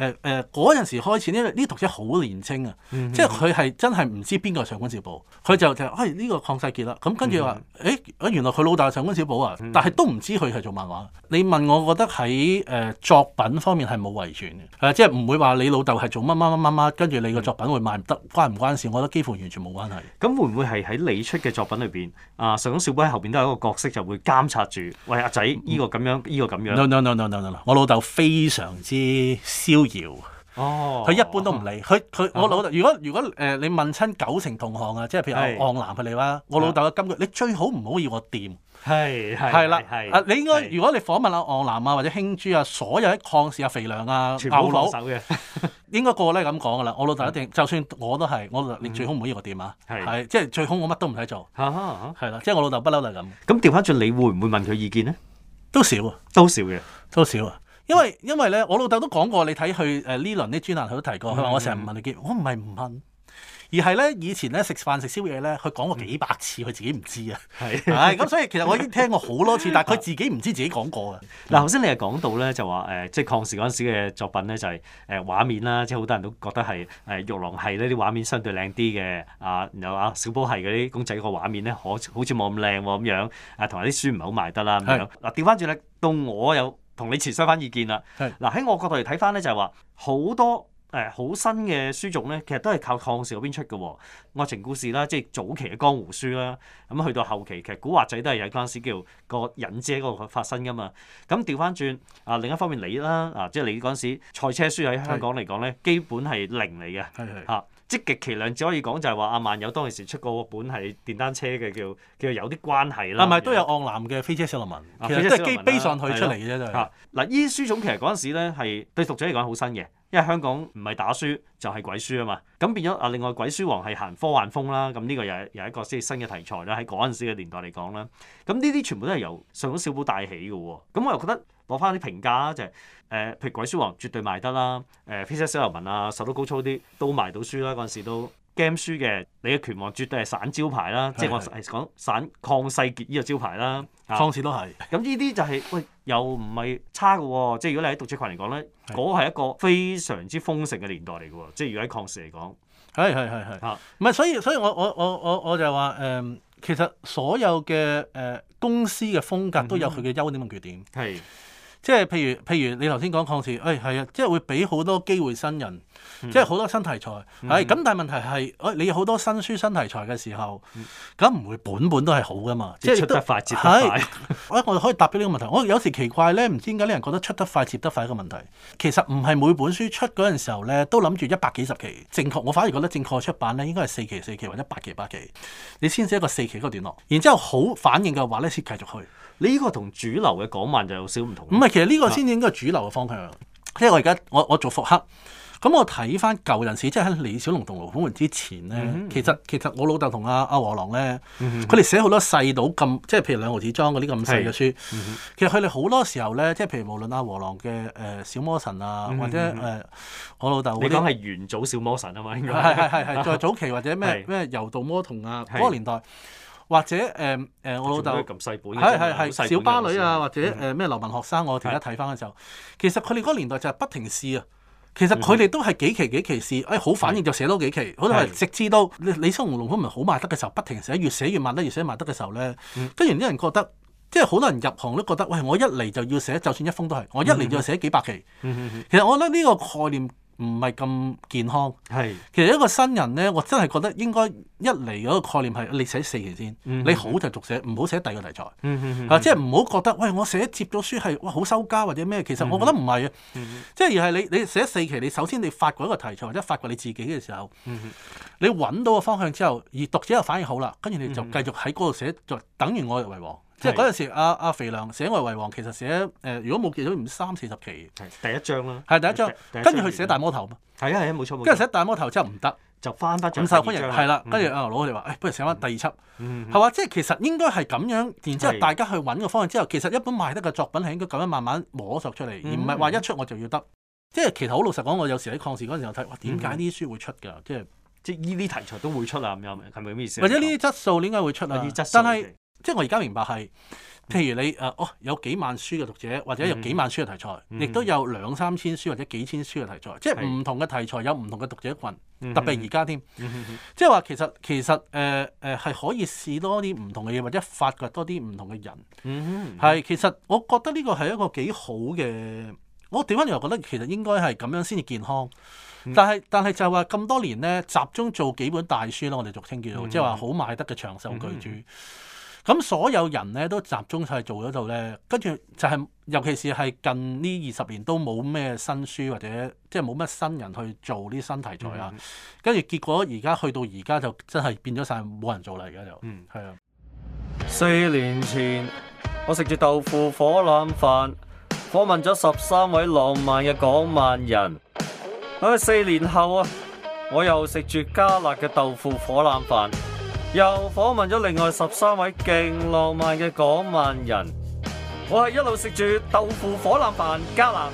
Speaker 2: 誒誒嗰陣時開始呢，呢啲讀者好年青啊，嗯、哼即係佢係真係唔知邊個係上官小寶，佢、嗯、哼就就係呢個曠世傑啦。咁跟住話，誒、嗯哼欸、原來佢老豆係上官小寶啊，嗯、哼但係都唔知佢係做漫畫。你問我覺得喺誒、呃、作品方面係冇遺傳嘅、呃，即係唔會話你老豆係做乜乜乜乜乜，跟住你個作品會賣唔得關唔、嗯、哼關事？我覺得幾乎完全冇關
Speaker 1: 係。咁、嗯、哼會唔會係喺你出嘅作品裏邊啊？上官小寶後邊都有一個角色就會監察住，喂阿仔呢個咁樣，呢、嗯、個咁樣。No no no no no no！我老豆非常
Speaker 2: 之燒。要哦，佢一般都唔理佢，佢我老豆。如果如果，誒你問親九成同行啊，即係譬如阿昂南佢你啦，我老豆嘅金句，你最好唔好要我掂，係係啦，係你應該，如果你訪問阿昂南啊或者興珠啊，所有啲礦石啊、肥
Speaker 1: 娘啊，全部手嘅，
Speaker 2: 應該個個都係咁講噶啦。我老豆一定，就算我都係，我你最好唔好要我掂啊，係即係最好我乜都唔使做，係啦，即係我老豆不嬲就係咁。
Speaker 1: 咁調翻轉，你會唔會問佢意見呢？都少，啊，都少嘅，都少啊。
Speaker 2: 因為因為咧，我老豆都講過，你睇佢誒呢輪啲專欄，佢都提過。佢話、嗯、我成日唔問你結，我唔係唔問，而係咧以前咧食飯食宵夜咧，佢講過幾百次，佢自己唔知是 啊。係，咁所以其實我已經
Speaker 1: 聽過好多次， 但係佢自己唔知自己講過嘅。嗱，頭先你係講到咧就話誒、呃，即係抗日嗰陣時嘅作品咧、就是，就係誒畫面啦，即係好多人都覺得係誒玉郎係呢啲畫面相對靚啲嘅啊，然後啊小寶係嗰啲公仔個畫面咧，可好似冇咁靚喎咁樣。同埋啲書唔係好賣得啦咁樣。嗱是，調翻轉咧，到我有。同你持相反意見啦。嗱是，喺、啊、我角度嚟睇翻咧，就係話好多誒好、呃、新嘅書種咧，其實都係靠抗世嗰邊出嘅喎、哦，愛情故事啦，即係早期嘅江湖書啦。咁、嗯、去到後期，其實古惑仔都係有間時叫個忍者嗰個發生噶嘛。咁調翻轉啊，另一方面你啦啊，即係你嗰陣時賽車書喺香港嚟講咧，是基本係零嚟嘅。係的的積極其量只可以講就係話阿萬有當陣時出過個本係電單車嘅，叫叫有啲關係啦，啊咪都有《惡男》嘅
Speaker 2: 《飛車小流氓、
Speaker 1: 啊、其實即係基 b 上去出嚟嘅啫都。嗱、啊，依對、啊、書種其實嗰陣時咧係對讀者嚟講好新嘅，因為香港唔係打書就係、是、鬼書啊嘛，咁變咗啊另外鬼書王係行科幻風啦，咁呢個又又一個即係新嘅題材啦，喺嗰陣時嘅年代嚟講啦，咁呢啲全部都係由《上龍小寶》帶起嘅喎，咁我又覺得。講翻啲評價啊，就係、是、誒、呃，譬如鬼書王絕對賣得啦，誒，face 小流氓啊，首都、呃、高操啲都賣到書啦，嗰陣時都 game 驚輸嘅。你嘅拳王絕對係散招牌啦，即係我係講散抗世傑依個招牌啦。抗氏都係。咁呢啲就係、是、喂，又唔係差嘅喎、哦。即係如果你喺讀者群嚟講咧，嗰係是是 一個非常之豐盛嘅年代嚟嘅喎。即係如果喺抗氏嚟講，係係係係。唔係，所以所以我我我我我就係話誒、呃，其實所有嘅誒公
Speaker 2: 司嘅風格都有佢嘅優點同缺點。係。即係譬如譬如你頭先講擴市，誒係啊，即係會俾好多機會新人。即係好多新題材，係咁、嗯。但係問題係，你好多新書新題材嘅時候，咁唔、嗯、會本本都係好噶嘛？即係出得快，接得快。我我可以答到呢個問題。我 有時奇怪咧，唔知點解啲人覺得出得快，接得快一個問題。其實唔係每本書出嗰陣時候咧，都諗住一百幾十期正確。我反而覺得正確出版咧，應該係四期四期或者八期八期，你先寫一個四期一個段落，然之後好反應嘅話咧，先繼續去。你呢個同主流嘅港漫就有少唔同。唔係，其實呢個先至應該主流嘅方向。的即係我而家我我做復刻。咁我睇返舊陣時，即係喺李小龍同龍虎門之前咧，其實其實我老豆同阿阿和狼咧，
Speaker 3: 佢哋寫
Speaker 2: 好多細到咁，即係譬如兩毫子裝嗰啲咁細嘅書。其實佢哋好多時候咧，即係譬如無論阿和狼嘅誒小魔神啊，或者誒我老豆嗰啲，你講係
Speaker 1: 元祖小魔神啊嘛，應該係係係係再早期或者咩
Speaker 2: 咩柔道魔童啊嗰個年代，或者誒誒我老豆咁細本，係係係小巴女啊，或者誒咩流民學生，我而家睇返嘅時候，其實佢哋嗰個年代就係不停試啊。其實佢哋都係幾期幾期試，誒、哎、好反應就寫多幾期，是 好多係直至到李小龍和龍虎門好賣得嘅時候，不停寫，越寫越賣得，越寫越賣得嘅時候咧，嗯、跟住啲人覺得，即係好多人入行都覺得，喂，我一嚟就要寫，就算一封都係，我一嚟就要寫幾百期。嗯、哼哼其實我覺得呢個概念，唔係咁健康。係是，其實一個新人咧，我真係覺得應該一嚟嗰個概念係你寫四期先，嗯、你好就續寫，唔好寫第二個題材。嗯嗯啊、即係唔好覺得，喂，我寫接咗書係哇好收家，或者咩？其實我覺得唔係啊，嗯嗯、即係而係你你寫四期，你首先你發掘一個題材，或者發掘你自己嘅時候，嗯
Speaker 3: 嗯、
Speaker 2: 你揾到個方向之後，而讀者又反應好啦，跟住你就繼續喺嗰度寫，就等於我為王。即係嗰陣時，阿阿肥良寫《外圍王》，其實寫誒，如果冇記錯，唔知三四十期，第一章啦。係第一章，跟住佢寫大魔頭。係啊
Speaker 1: 係啊，冇錯冇錯。跟住
Speaker 2: 寫大魔頭之後唔得，就翻翻咁細番入。係啦，跟住阿老佢哋話：誒，不如寫翻第二輯。係話，即係其實應該係咁樣，然之後大家去揾個方向之後，其實一本賣得嘅作品係應該咁樣慢慢摸索出嚟，而唔係話一出我就要得。即係其實好老實講，我有時喺抗事嗰陣時候睇，哇！點解呢啲書會出㗎？即係即係呢啲題材都會出啊？咁樣係咪咁意思？或者呢啲質素點解會出啊？啲質但係。即係我而家明白係，譬如你誒，哦，有幾萬書嘅讀者，或者有幾萬書嘅題材，亦都、嗯、有兩三千書或者幾千書嘅題材，即係唔同嘅題材有唔同嘅讀者群，嗯、特別而家添。嗯嗯嗯嗯、即係話其實其實誒誒係可以試多啲唔同嘅嘢，或者發掘多啲唔同嘅人。係、嗯嗯嗯、其實我覺得呢個係一個幾好嘅，我調翻嚟，我覺得其實應該係咁樣先至健康。但係、嗯嗯、但係就話咁多年咧，集中做幾本大書咯，我哋俗稱叫做、嗯嗯、即係話好賣得嘅長壽巨著。嗯嗯嗯咁所有人咧都集中晒做咗度咧，跟住就係、是、尤其是係近呢二十年都冇咩新書或者即係冇乜新人去做啲新題材啊，嗯、跟住結果而家去到而家
Speaker 1: 就真係變咗晒，冇人做啦而家就，嗯，係啊。四年前我食住豆腐火腩飯，訪問咗十三位浪漫嘅港漫人。唉，四年後啊，我又食住加辣嘅豆腐火腩飯。又訪問咗另外十三位勁浪漫嘅港漫人，我係一路食住豆腐火腩飯加腩，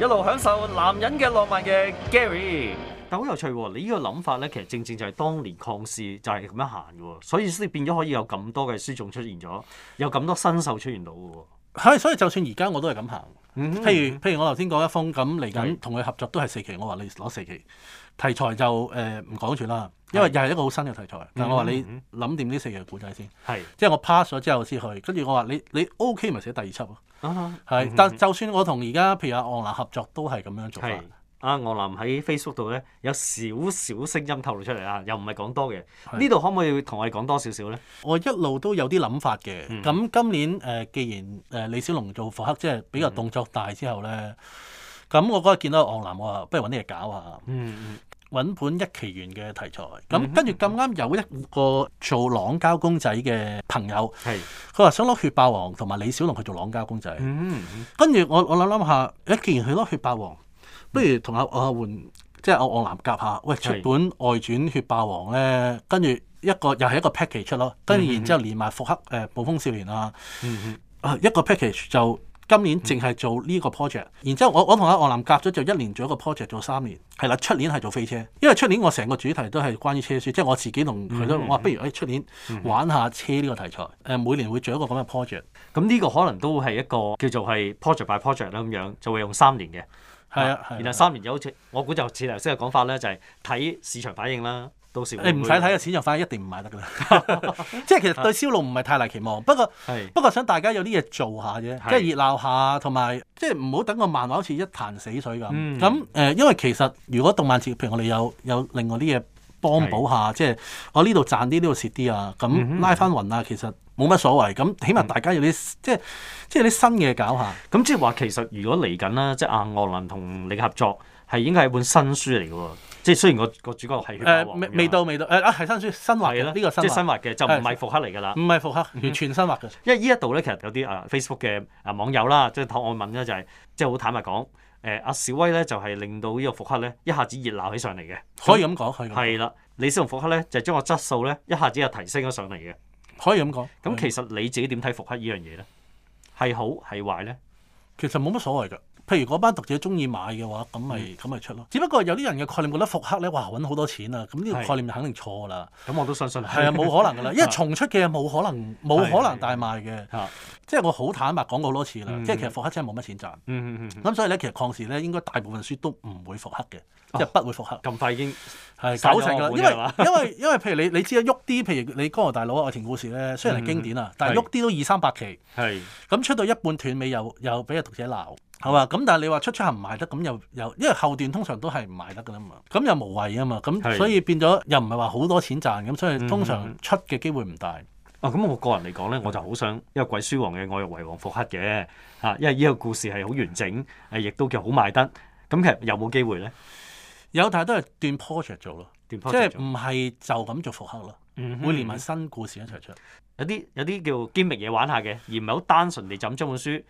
Speaker 1: 一路享受男人嘅浪漫嘅 Gary。但好有趣喎、哦，你個呢個諗法咧，其實正正就係當年抗試就係、是、咁樣行嘅，所以先變咗可以有咁多嘅書仲出現咗，有咁多新秀出現到嘅喎。係，所以就算而家我都係咁行。嗯，譬如譬如我頭先講一封咁嚟
Speaker 2: 緊同佢合作都係四期，我話你攞四期題材就誒唔講住啦。呃因為又係一個好新嘅題材，mm hmm. 但係我話你諗掂呢四樣古仔先，係、mm hmm. 即係我 pass 咗之後先去，跟住我話你
Speaker 1: 你 O K 咪寫第二輯咯，
Speaker 2: 係、mm hmm.，但就
Speaker 1: 算我同而家譬如阿昂南合作都係咁樣做法。啊、mm hmm.，昂南喺 Facebook 度咧有少少聲音透露出嚟啊，又唔係講多嘅，呢度、mm hmm. 可唔可以同我哋講多少少咧？我一路都有啲諗法嘅，咁、mm hmm. 今年
Speaker 2: 誒、呃、既然誒、呃、李小龍做伏黑即係比較動作大之後咧，咁、mm hmm. 我覺得見到昂南，我話不如揾啲嘢搞下。嗯嗯、mm。Hmm. 揾本一期完嘅題材，咁、嗯嗯、哼跟住咁啱有一個做朗膠公仔嘅朋友，佢話是想攞血霸王同埋李小龍去做朗膠公仔，跟住我我諗諗下，一既然去攞血霸王，不如同阿阿換即係我我南夾下，喂出本外傳血霸王咧，跟住一個又係一個 package 出咯，跟住然之後連埋復刻誒暴風少年啊，嗯、哼啊一個 package 就。今年淨係做呢個 project，然之後我我同阿岳南夾咗就一年做一個 project，做三年，係啦，出年係做飛車，因為出年我成個主題都係關於車書，即係我
Speaker 1: 自己同佢都話，嗯、我不如誒出、哎、出年玩下車呢個題材，誒每年會做一個咁嘅 project，咁呢個可能都係一個叫做係 project by project 啦咁樣，就會用三年嘅，
Speaker 2: 係啊的，的然
Speaker 1: 後三年的的就好似我估就似頭先嘅講法咧，就係、是、睇市場反應啦。到時會會你唔使睇嘅
Speaker 2: 錢就返去，一定唔買得噶啦，即係其實對銷
Speaker 1: 路唔係太大期望，不過是
Speaker 2: 不過想大家有啲嘢做下啫，即係是熱鬧下，同埋即係唔好等個漫畫好似一潭死水咁。咁誒、嗯呃，因為其實如果動漫節，譬如我哋有有另外啲嘢。幫補下，即係我呢度賺啲，呢度蝕啲啊，咁拉翻勻啊，其實冇乜所謂，咁起碼大家有啲
Speaker 1: 即係即係啲新嘢搞下，咁即係話其實如果嚟緊啦，即係阿愛民同你合作係應該係一本新書嚟嘅喎，即係雖然個個主角係誒、呃、未未到未到誒啊
Speaker 2: 係新書新畫
Speaker 1: 嘅啦，即係對新畫嘅就唔係復刻嚟㗎啦，唔係復刻，完全新畫嘅、嗯嗯，因為呢一度咧其實有啲啊 Facebook 嘅啊網友啦，即係託愛民咧就係即係好坦白講。誒阿、呃、小威咧就係、是、令到呢個復刻咧一下子熱鬧起上嚟嘅、嗯，可以咁講係啦。李小龍復刻咧就將、是、個質素咧一下子又提升咗上嚟嘅，可以咁講。咁、嗯、的其實你自己點睇復刻呢樣嘢咧？係好係壞咧？
Speaker 2: 其實冇乜所謂㗎。譬如嗰班讀者中意買嘅話，咁咪咁咪出咯。只不過有啲人嘅概念覺得復刻咧，哇揾好多錢啊！咁呢個概念就肯定錯啦。咁我都相信係啊，冇可能噶啦，因為重出嘅冇可能冇可能大賣嘅。即係我好坦白講過好多次啦，即係其實復刻真係冇乜錢賺。咁所以咧，其實抗時咧應該大部分書都唔會復刻嘅，即係不會復刻。咁快已經係搞成啦，因為因為因為譬如你你知啊，喐啲譬如你《江河大佬》《愛情故事》咧，雖然係經典啊，但係喐啲都二三百期。係咁出到一半斷尾，又又俾個讀者鬧。係嘛？咁但係你話出出係唔賣得咁又又，因為後段通常都係唔賣得噶啦嘛，咁又無謂啊嘛，咁所以變咗又唔係話好多錢
Speaker 1: 賺咁，所以通常出嘅機會唔大。哦、嗯嗯，咁、啊、我個人嚟講咧，我就好想因為鬼書王嘅《愛欲為王復刻》嘅、啊、嚇，因為呢個故事係好完整，亦、啊、都叫好賣得。咁、啊、其實有冇機會咧？有，但係都係斷 project 做咯，嗯嗯嗯即係唔係就咁做復刻咯？嗯嗯嗯會連埋新故事一齊出嗯嗯，有啲有啲叫驚味嘢玩下嘅，而唔係好單純地就咁將本書。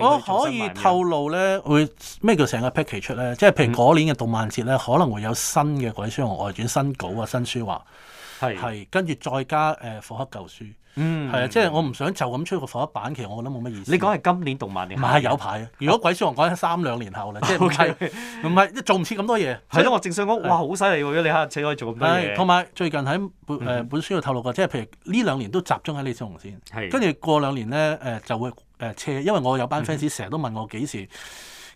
Speaker 1: 我可以透露咧，
Speaker 2: 會咩叫成個 package 出咧？即係譬如嗰年嘅動漫節咧，可能會有新嘅《鬼書王外傳》新稿啊、新書畫，係跟住再加誒火黑舊書，嗯，係啊，即係我唔想就咁出個火黑版，其實我覺得冇乜意思。你講係今年動漫年，唔係有排。如果《鬼書王》講喺三兩年後咧，即係唔係唔係做唔切咁多嘢？係咯，我正想講，哇，
Speaker 1: 好犀利喎！你下，似可以做咁多嘢，同
Speaker 2: 埋最近喺本書度透露過，即係譬如呢兩年都集中喺《李小龍》先，跟住過兩年咧，誒就會。誒車，因為我有班 fans 成日都問我幾時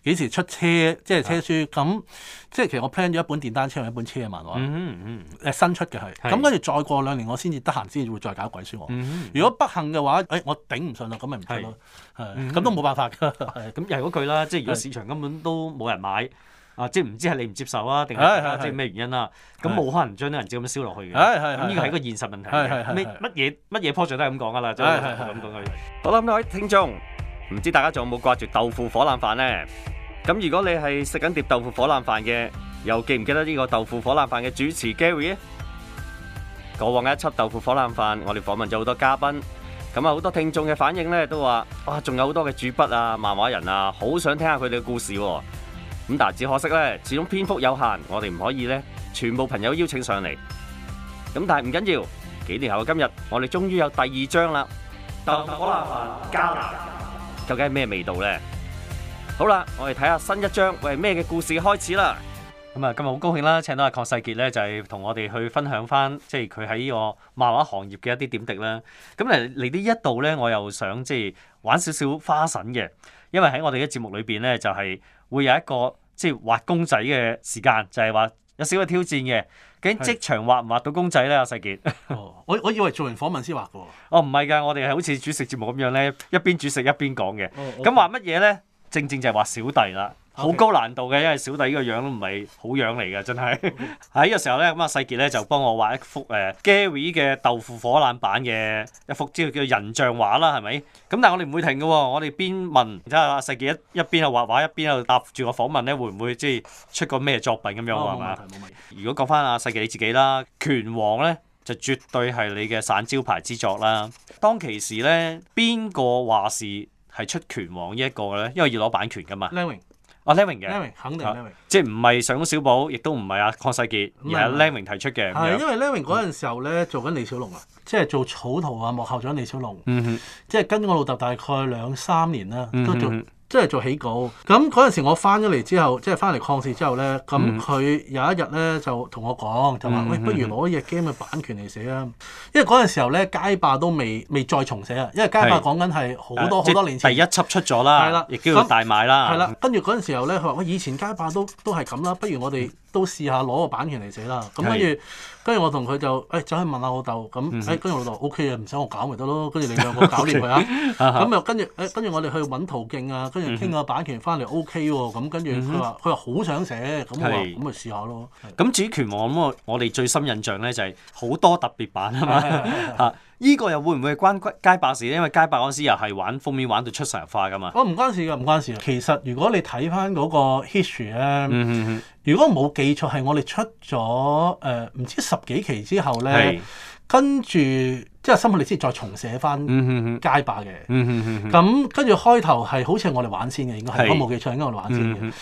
Speaker 2: 幾時出車，即係車書咁的，即係其實我 plan 咗一本電單車同一本車文嘛，嗯嗯嗯新出嘅係，咁跟住再過兩年我先至得閒先至會再搞鬼書我，嗯嗯嗯嗯如果不幸嘅話，誒、哎、我頂唔順啦，咁
Speaker 1: 咪唔出咯，係，咁都冇辦法㗎，咁又係嗰句啦，即係如果市場根本都冇人買。啊！即係唔知係你唔接受啊，定係即係咩原因啦？咁冇い可能將啲人照咁燒落去嘅。呢個係一個現實問題，係係。乜嘢乜嘢 project 都係咁講噶啦。係係。咁講，好啦，咁多位聽眾，唔知大家仲有冇掛住豆腐火腩飯咧 babys？咁如果你係食緊碟豆腐火腩飯嘅，又記唔記得呢個豆腐火腩飯嘅主持 Gary 咧？過往一輯豆腐火腩飯，我哋訪問咗好多嘉賓。咁啊，好多聽眾嘅反應咧，都話，哇，仲有好多嘅主筆啊、漫畫人啊，好想聽下佢哋嘅故事。咁但係只可惜咧，始終篇幅有限，我哋唔可以咧全部朋友邀請上嚟。咁但係唔緊要，幾年後嘅今日，我哋終於有第二章啦。豆好麻煩，加啦，究竟係咩味道咧？好啦，我哋睇下新一章，喂係咩嘅故事開始啦？咁啊、嗯，今日好高興啦，請到阿鄺世杰咧，就係、是、同我哋去分享翻，即係佢喺呢個漫畫行業嘅一啲點滴啦。咁嚟嚟到呢一度咧，我又想即係。玩少少花神嘅，因為喺我哋嘅節目裏邊咧，就係、是、會有一個即係畫公仔嘅時間，就係、是、話有少少挑戰嘅，究竟即場畫唔畫到公仔咧？阿世傑，我、 哦、我以為做完訪問先畫嘅喎，哦，唔係㗎，我哋係好似煮食節目咁樣咧，一邊煮食一邊講嘅，咁、哦 okay. 畫乜嘢咧？正正就係畫小弟啦。好 Okay. 高難度嘅，因為小弟依個樣都唔係好樣嚟㗎，真係喺依個時候咧，咁阿世傑咧就幫我畫一幅誒、uh, Gary 嘅豆腐火腩版嘅一幅，即係叫人像畫啦，係咪？咁但係我哋唔會停嘅喎，我哋邊問，而家阿世傑一一邊又畫畫，一邊又搭住個訪問咧，會唔會即係出個咩作品咁、哦、樣啊？冇問題，冇問題。如果講翻阿世傑你自己啦，拳王咧就絕對係你嘅散招牌之作啦。當其時咧，邊個話事係出拳王呢一個咧？因為要攞版權㗎嘛。啊，梁榮嘅，肯定梁榮，即係唔係上官小寶，亦都唔係阿鄺世杰，而係梁榮提出嘅。係， 因為
Speaker 2: 梁榮嗰陣時候咧 做緊李小龍啊，即係做草圖啊，幕後長李小龍，嗯、哼即係跟我老豆大概兩三年啦，嗯、哼都做。即係做起稿，咁嗰陣時我翻咗嚟之後，即係翻嚟抗事之後咧，咁佢有一日咧就同我講，就話：喂，嗯、哼哼「不如攞呢隻 game 嘅版權嚟寫啊。」因為嗰陣時候咧，街霸都未未再重寫啊，因為街霸講緊係
Speaker 1: 好多好是多年前，係、啊、一輯出咗啦，了亦叫大賣啦。係啦，嗯、
Speaker 2: 哼跟住嗰陣時候咧，佢話：喂，以前街霸都都係咁啦，不如我哋都試下攞個版權嚟寫啦。咁跟住。跟住我同佢就，誒、哎、走去問下我老豆，咁誒、嗯、哼跟住老豆 OK 啊，唔使我搞咪得咯，跟住你兩個搞掂佢啊，咁又 跟住誒，跟住我哋去揾途徑啊，跟住傾下版權翻嚟 OK 喎、哦，咁跟住佢話佢話好想寫，咁我話咁咪試下咯，
Speaker 1: 咁至於拳王咁啊，我哋最深印象咧就係、是、好多特別版啊嘛。呢個又會唔會關街霸事咧？因為街霸嗰陣時又係玩封面玩到出神入化噶嘛。
Speaker 2: 我唔關事嘅，唔關事。其實如果你睇翻嗰個 history 咧、啊，嗯嗯嗯如果冇記錯係我哋出咗誒唔知十幾期之後咧，是跟住即係《新海力士》再重寫翻街霸嘅。咁跟住開頭係好似係我哋玩先嘅，應該係我冇記錯，是應該我哋玩先嘅。嗯嗯嗯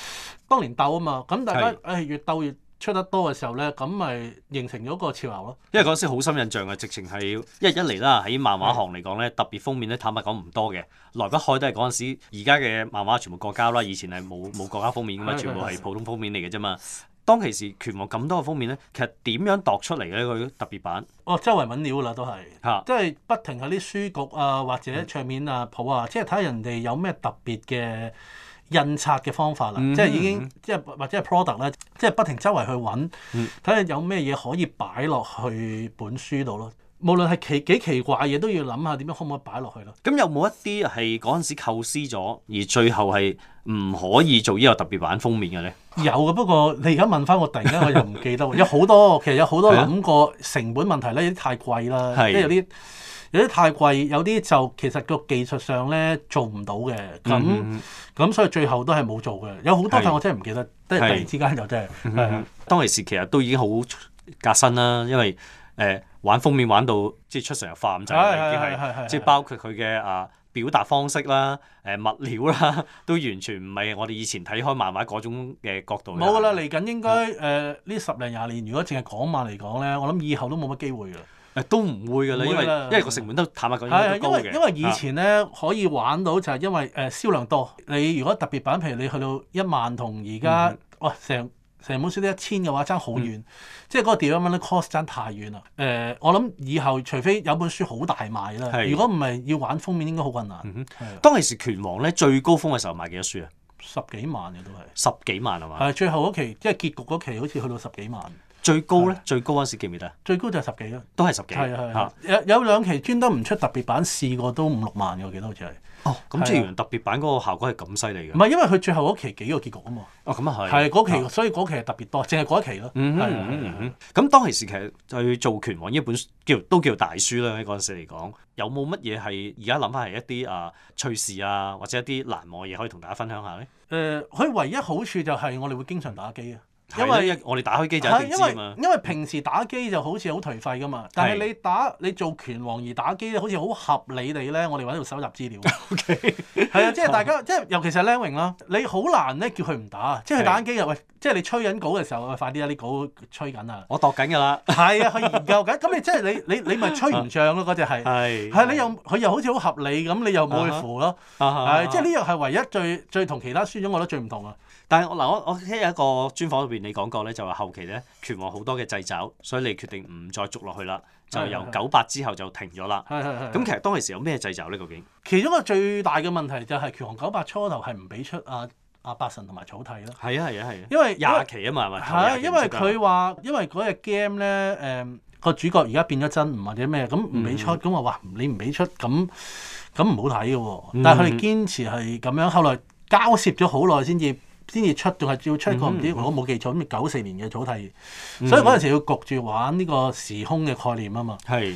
Speaker 2: 當年鬥啊嘛，咁大家誒越鬥越。出得多嘅時候咧，咁咪形成咗個潮流咯。因為嗰
Speaker 1: 陣時好深印象嘅，直情係一一嚟啦。喺漫畫行嚟講咧，嗯、特別封面咧，坦白講唔多嘅。來不開都係嗰陣時，而家嘅漫畫全部國家啦，以前係冇冇國家封面噶嘛，全部係普通封面嚟嘅啫嘛。當其時拳王咁多個封面咧，其實點樣度出嚟嘅咧？佢特別版
Speaker 2: 哦，周圍揾料啦，都係嚇，的即係不停喺啲書局啊，或者唱片啊、譜啊，嗯、即係睇人哋有咩特別嘅。印刷嘅方法啦，嗯、哼哼即係已經即係或者係 product 咧，即係不停周圍去揾，睇下有咩嘢可以擺落去本書度咯。無論係奇幾，幾奇怪嘢，都要諗下點樣可唔可以擺落去咯。
Speaker 1: 咁有冇一啲係嗰陣時構思咗，而最後係唔可以做呢個特別版封面嘅咧？
Speaker 2: 有嘅，不過你而家問翻我，突然間我又唔記得喎。 有好多其實有好多諗
Speaker 1: 過成
Speaker 2: 本問題咧，的太貴啦，的即係有啲。有啲太貴，有啲就其實個技術上咧做唔到嘅，咁咁所以最後都係冇做嘅。有好多替我真係唔記得，即係突然之間就真係。
Speaker 1: 當其時其實都已經好革新啦，因為誒玩封面玩到即係出神入化咁就。已經係即係包括佢嘅啊表達方式啦、誒物料啦，都完全唔係我哋以前睇開漫畫嗰種嘅角度。冇
Speaker 2: 啦，嚟緊應該誒呢十零廿年，如果淨係港漫嚟講咧，我諗以後都冇乜機
Speaker 1: 會啦。誒都唔會嘅啦，因為因為個成本都碳下咁高嘅。因為因為以前
Speaker 2: 咧可以玩到就係因為誒、呃、銷量多。你如果特別版，譬如你去到一萬，同而家哇成成本書都一千嘅話，爭好遠。嗯、即係嗰個 demand cost 爭太遠啦。誒、呃，我諗以後除非有本書好大賣啦。的如果唔係要玩封面，應該好困難。嗯、哼
Speaker 1: 的當其時拳王咧最高峰嘅時候賣幾多書啊？十幾萬嘅都係。十幾萬係嘛？
Speaker 2: 係最後嗰期即係結局嗰期，好似去到十幾萬。
Speaker 1: 最高咧，最高嗰時記唔記得？最高就係十幾咯，都
Speaker 2: 係十幾。係啊係啊，有有兩期專登唔出特別版，試過都五六萬嘅，我記得好似係。哦，
Speaker 1: 咁即係原來特別版嗰個效果係咁犀利嘅。唔
Speaker 2: 係，因為佢最後嗰期幾個結局啊嘛。哦，咁啊係。係嗰期，的所以嗰期係特別多，淨係嗰一期咯。嗯哼。
Speaker 1: 咁當其時其實去做拳王呢本都叫都叫大書啦，喺嗰陣時嚟講，有冇乜嘢係而家諗翻係一啲啊趣事啊，或者一啲難忘嘅嘢可以同大家分享下咧？
Speaker 2: 誒、呃，佢唯一好處就係我哋會經常打機啊。因為我哋
Speaker 1: 打開機就一定知嘛。因為因為
Speaker 2: 平時打機就好似好頹廢噶嘛。但係你打你做拳王而打機咧，好似好合理哋咧。我哋喺度收集資料。O K。係啊，即係大家即係尤其是 Liang Wing 啦，你好難咧叫佢唔打，即係佢打緊機啊！喂，即係你吹緊稿嘅時候，喂快啲啦，啲稿吹緊啊！我度緊㗎啦。係啊，佢研究緊。咁你即係你你你咪吹唔脹咯？嗰只係係你又佢又好似好合理咁，你又冇去扶
Speaker 1: 咯。係，即係呢樣係唯一最最同其他書種，我覺得最唔同啊！但係嗱，我我喺一個專訪入邊，你講過咧，就話後期咧拳王好多嘅掣肘，所以你決定唔再續落去啦，就由九八之後就停咗啦。係係係。咁其實當時有咩掣肘咧？究竟
Speaker 2: 其中一個最大嘅問題就係、是、拳王九八初頭係唔俾出阿、啊、阿、啊啊、八神同埋草體咯。係啊係啊係啊，啊，因為廿期
Speaker 1: 啊嘛係咪？係啊，因為佢
Speaker 2: 話因為嗰日 game 咧，誒個主角而家變咗真唔或者咩咁唔俾出咁話、嗯、哇你唔俾出咁咁唔好睇嘅喎，但係佢哋堅持係咁樣，後來交涉咗好耐先至。先至出，仲係要出過唔、嗯、知我冇記錯咁，九四年嘅草題，嗯、所以嗰陣時要焗住玩呢個時空嘅概念啊嘛，係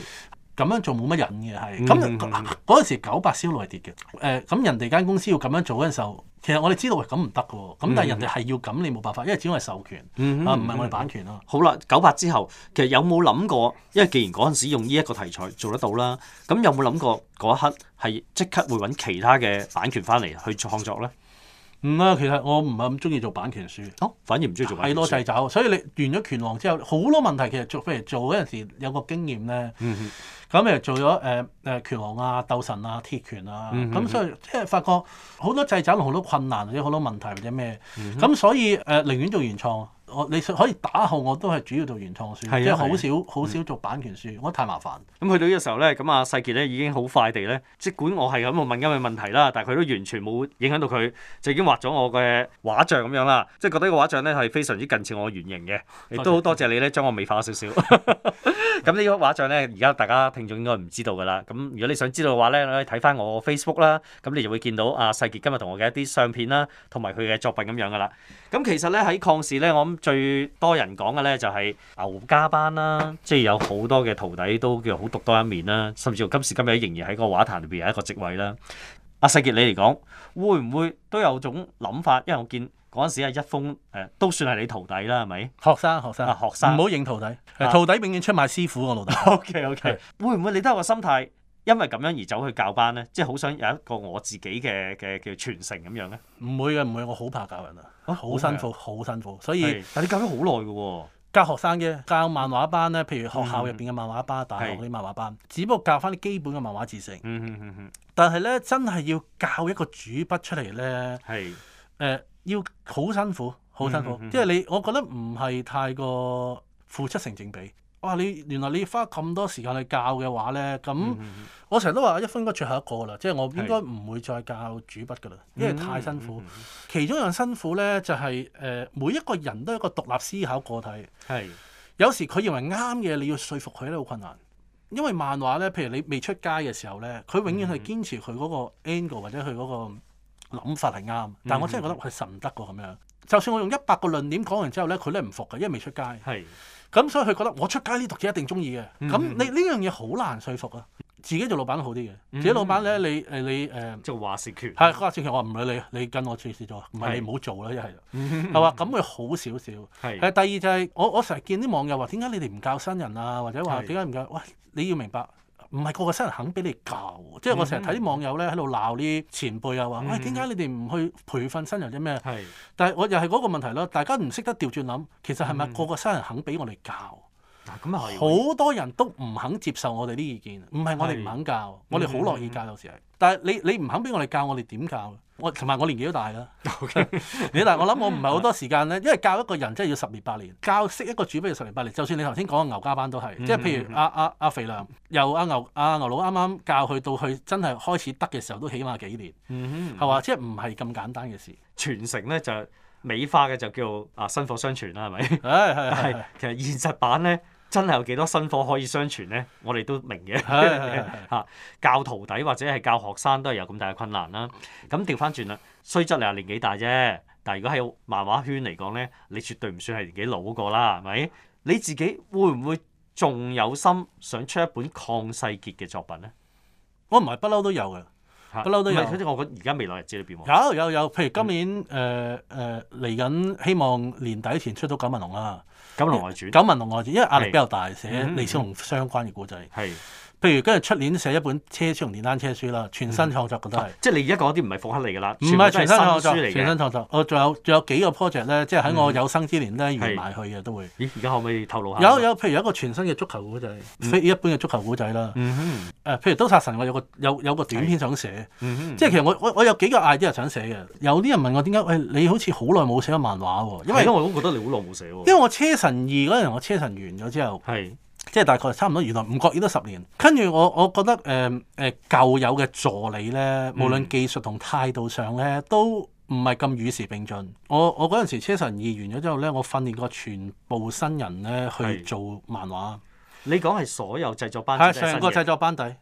Speaker 2: 咁是樣做冇乜癮嘅係，咁嗰陣時九八銷路係跌嘅，誒、呃、咁人哋間公司要咁樣做嗰陣時候，其實我哋知道係咁唔得嘅，咁但係人哋係要咁，你冇辦法，因為只係授權、嗯、啊權啊，唔係我哋版權咯。
Speaker 1: 好啦，九八之後其實有冇諗過？因為既然嗰陣時用呢一個題材做得到啦，咁有冇諗過嗰一刻係即刻會揾其他嘅版權翻嚟去創作咧？
Speaker 2: 唔啊，其實我唔係咁中意做版權書，
Speaker 1: 反而唔中意做版權書。係咯，掣肘，
Speaker 2: 所以你完咗拳王之後，好多問題其實做，譬如做嗰陣時有個經驗咧。咁誒、嗯、哼做咗誒、呃、拳王啊、鬥神啊、鐵拳啊，咁、嗯、所以即係發覺好多掣肘，好多困難，或者好多問題或者咩，咁、嗯、哼所以誒、呃、寧願做原創。我你可以打號，我都係主要做原創書，是啊、即係好少好是、啊、少做版權書，嗯、我覺得太麻煩。
Speaker 1: 咁去到呢個時候咧，咁阿世傑咧已經好快地咧，即管我係咁問緊嘅問題啦，但係佢都完全冇影響到佢，就已經畫咗我嘅畫像咁樣啦。即係覺得個畫像咧係非常之近似我嘅原型嘅，亦都好多謝你咧，將我美化少少。咁呢幅畫像咧，而家大家聽眾應該唔知道㗎啦。咁如果你想知道嘅話咧，可以睇翻我 Facebook 啦。咁你就會見到阿世傑今日同我嘅一啲相片啦，同埋佢嘅作品咁樣㗎啦。咁其實咧喺抗事咧，我最多人講嘅咧就係牛家班啦，即係有好多嘅徒弟都叫好獨當一面啦，甚至乎今時今日仍然喺個畫壇裏邊有一個席位啦。阿、啊、世傑，你嚟講會唔會都有種諗法？因為我見嗰陣時係一封誒、啊，都算係你徒弟啦，係咪？學生，學生，啊、學生，唔好認徒弟，徒弟永遠出賣師傅，我老豆。O K O K，會唔會你都有個心態？因為咁樣而走去教班咧，即係好想有一個我自己嘅嘅叫傳承咁樣咧。
Speaker 2: 唔會嘅，唔會，我好怕教人啊！好辛苦，好的
Speaker 1: 辛苦。所以，的但係你教咗好耐㗎喎。教學生嘅，教漫畫班咧，譬如學校入邊嘅漫
Speaker 2: 畫班、嗯、大學嗰啲漫畫班，的只不過教翻啲基本嘅漫畫知識。
Speaker 1: 嗯、哼
Speaker 2: 哼但係咧，真係要教一個主筆出嚟咧，係誒的、呃，要好辛苦，好辛苦，嗯、哼哼哼即係你我覺得唔係太過付出成正比。哇！你原來你花咁多時間去教嘅話咧，咁、嗯、哼我成日都話一分鐘最後一個啦，即、就、係、是、我應該唔會再教主筆噶啦，是因為太辛苦。嗯、哼其中一樣辛苦咧，就係、是、誒、呃、每一個人都有一個獨立思考個體。
Speaker 3: 係
Speaker 2: 是。有時佢認為啱嘅，你要說服佢咧好困難。因為漫畫咧，譬如你未出街嘅時候咧，佢永遠係堅持佢嗰個 angle 或者佢嗰個諗法係啱，嗯、哼但我真係覺得係實唔得噶咁樣。就算我用一百個論點講完之後咧，佢都唔服嘅，因為未出街。係是。咁、嗯、所以佢覺得我出街呢啲讀者一定中意嘅。咁你呢樣嘢好難説服啊！嗯、自己做老闆都好啲嘅，嗯、自己老闆咧、嗯、你誒你誒就話事權，係話事權我唔理你，你跟我隨時做，唔係你唔是、嗯嗯、好做啦一係，係話咁會好少少。係，第二就係我我成日見啲網友話點解你哋唔教新人啊，或者話點解唔教？喂是，你要明白。唔係個個新人肯俾你教，即係我成日睇啲網友咧喺度鬧啲前輩啊話，喂點解你哋唔去培訓新人啲咩？是但係我又係嗰個問題咯，大家唔識得調轉諗，其實係咪個個新人肯俾我哋教？咁好多人都唔肯接受我哋啲意見，唔係我哋唔肯教，是我哋好樂意教，有時係。但係你你唔肯俾我哋教，我哋點教？我同埋我年紀都大啦。Okay. 你但我諗，我唔係好多時間咧，因為教一個人真係要十年八年，教識一個主飛要十年八年。就算你頭先講嘅牛家班都係，嗯、即係譬如阿阿阿肥良由阿牛阿、啊、牛佬啱啱教佢到佢真係開始得嘅時候，都起碼幾
Speaker 1: 年，係話即係唔係咁簡單嘅事。傳承咧就美化嘅就叫做啊薪火相傳啦，係咪？係係 其實現實版咧。真係有幾多薪火可以相傳咧？我哋都明嘅嚇， 教徒弟或者係教學生都係有咁大嘅困難啦、啊。咁調翻轉啦，雖則你話年紀大啫，但係如果喺漫畫圈嚟講咧，你絕對唔算係年紀老嗰個啦，係咪？你自己會唔會仲有心想出一本《抗世傑》嘅作品咧？我唔係，不嬲都有嘅，不嬲都有。即係我覺得而家未來日子裏邊有有有，
Speaker 2: 有，譬如今年誒誒嚟緊，希望年底前出到九紋龍啊！九紋龍外傳、九紋龍外傳，因為壓力比較大，是寫李小龍相關嘅故仔。是譬如跟住出年寫一本車書同電單車書啦，全新創作嘅都係、啊，即係你而家講啲唔係復刻嚟㗎啦，全部都係新書嚟嘅，全新創作。我仲有仲有幾個 project 咧，即係喺我有生之年咧完埋去嘅都會。咦，而家可唔可以透露下？有有，譬如一個全新嘅足球古仔，非、嗯、一般嘅足球古仔啦。嗯哼，譬如刀殺神我有個有有個短篇想寫，嗯、哼即係其實我我我有幾個 idea 想寫嘅。有啲人問我點解？喂、哎，你好似好耐冇寫漫畫喎，因為因
Speaker 1: 為我都覺得你好耐冇寫喎。因
Speaker 2: 為我車神二嗰陣，我車神完咗之後。係。即係大概差唔多，原來唔覺意都十年。跟住我，我覺得誒誒、呃、舊有嘅助理咧，無論技術同態度上咧，都唔係咁與時並進。我我嗰陣時車神二完咗之後咧，我訓練過全部新人咧去做漫畫。
Speaker 1: 你講係所有製作班底，底，成個製作班底。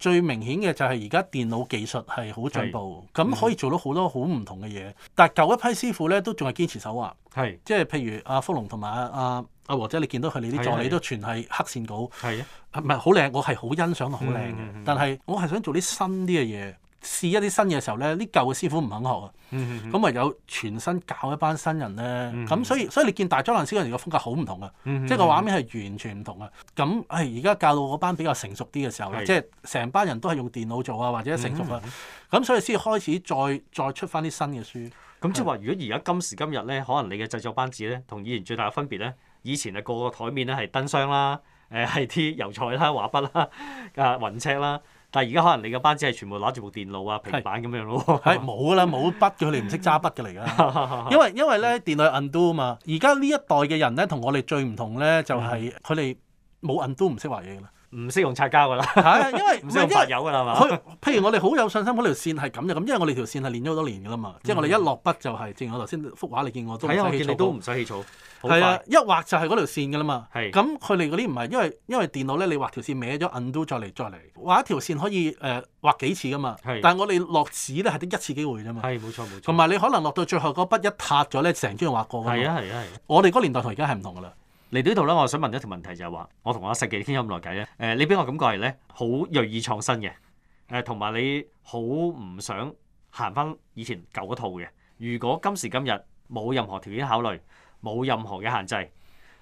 Speaker 2: 最明顯嘅就係而家電腦技術係好進步，咁是可以做到好多好唔同嘅嘢。但係舊一批師傅咧都仲係堅持手畫，係是即係譬如阿、啊、福龍同埋阿。啊啊！或者你見到佢你啲助理都全係黑線稿，係啊的，唔係好靚。我係好欣賞，好靚嘅。嗯嗯嗯、但係我係想做啲新啲嘅嘢，試一啲新嘅時候咧，呢舊嘅師傅唔肯學啊。咁咪、嗯嗯嗯、有全新教一班新人咧。咁、嗯嗯、所以所以你見大張老師個人嘅風格好唔同嘅，
Speaker 3: 即係個畫面
Speaker 2: 係完全唔同嘅。咁誒而家教到嗰班比較成熟啲嘅時候啦，即係成班人都係用電腦做啊，或者成熟啦。咁、嗯嗯、所
Speaker 1: 以先開始再再出翻啲新嘅書。咁即係話，的如果而家今時今日咧，可能你嘅製作班子咧，同以前最大嘅分別咧？以前啊個個台面咧係燈箱啦，誒係啲油彩啦、畫筆啦、啊雲尺啦，但係而家可能你嘅班只係全部攞住部電腦啊平板咁樣咯喎，
Speaker 2: 係冇啦冇筆嘅，佢哋唔識揸筆嘅嚟㗎，因為因為咧電腦有 undo 啊嘛，而家呢一代嘅人咧同我哋最唔同咧就係佢哋冇 undo 唔識畫嘢㗎啦。唔識用擦膠㗎啦， 用 因為唔係因有嘅係嘛？譬如我哋好有信心嗰條線係咁就咁，因為我哋條線係練咗好多年㗎啦嘛。嗯、即係我哋一落筆就係、是、正如我頭先幅畫你過，哎、呀過你見我都唔使起草。係都唔使起草，啊，快一畫就係嗰條線㗎啦嘛。係咁是，佢哋嗰啲唔係因為因為電腦咧，你畫條線歪咗 undo 再嚟再嚟畫一條線可以誒、呃、畫幾次㗎嘛。是但係我哋落紙咧係得一次機會啫嘛。係冇錯冇錯。同埋你可能落到最後嗰筆一塌咗咧，成張畫過㗎嘛。係啊係啊，啊
Speaker 1: 我哋嗰年代同而家係唔同㗎啦。嚟到呢度咧，我想問一條問題就係、是、話，我同阿世傑傾咗咁耐偈咧，誒、呃，你俾我感覺係咧，好鋭意創新嘅，誒、呃，同埋你好唔想行翻以前舊嗰套嘅。如果今時今日冇任何條件考慮，冇任何嘅限制，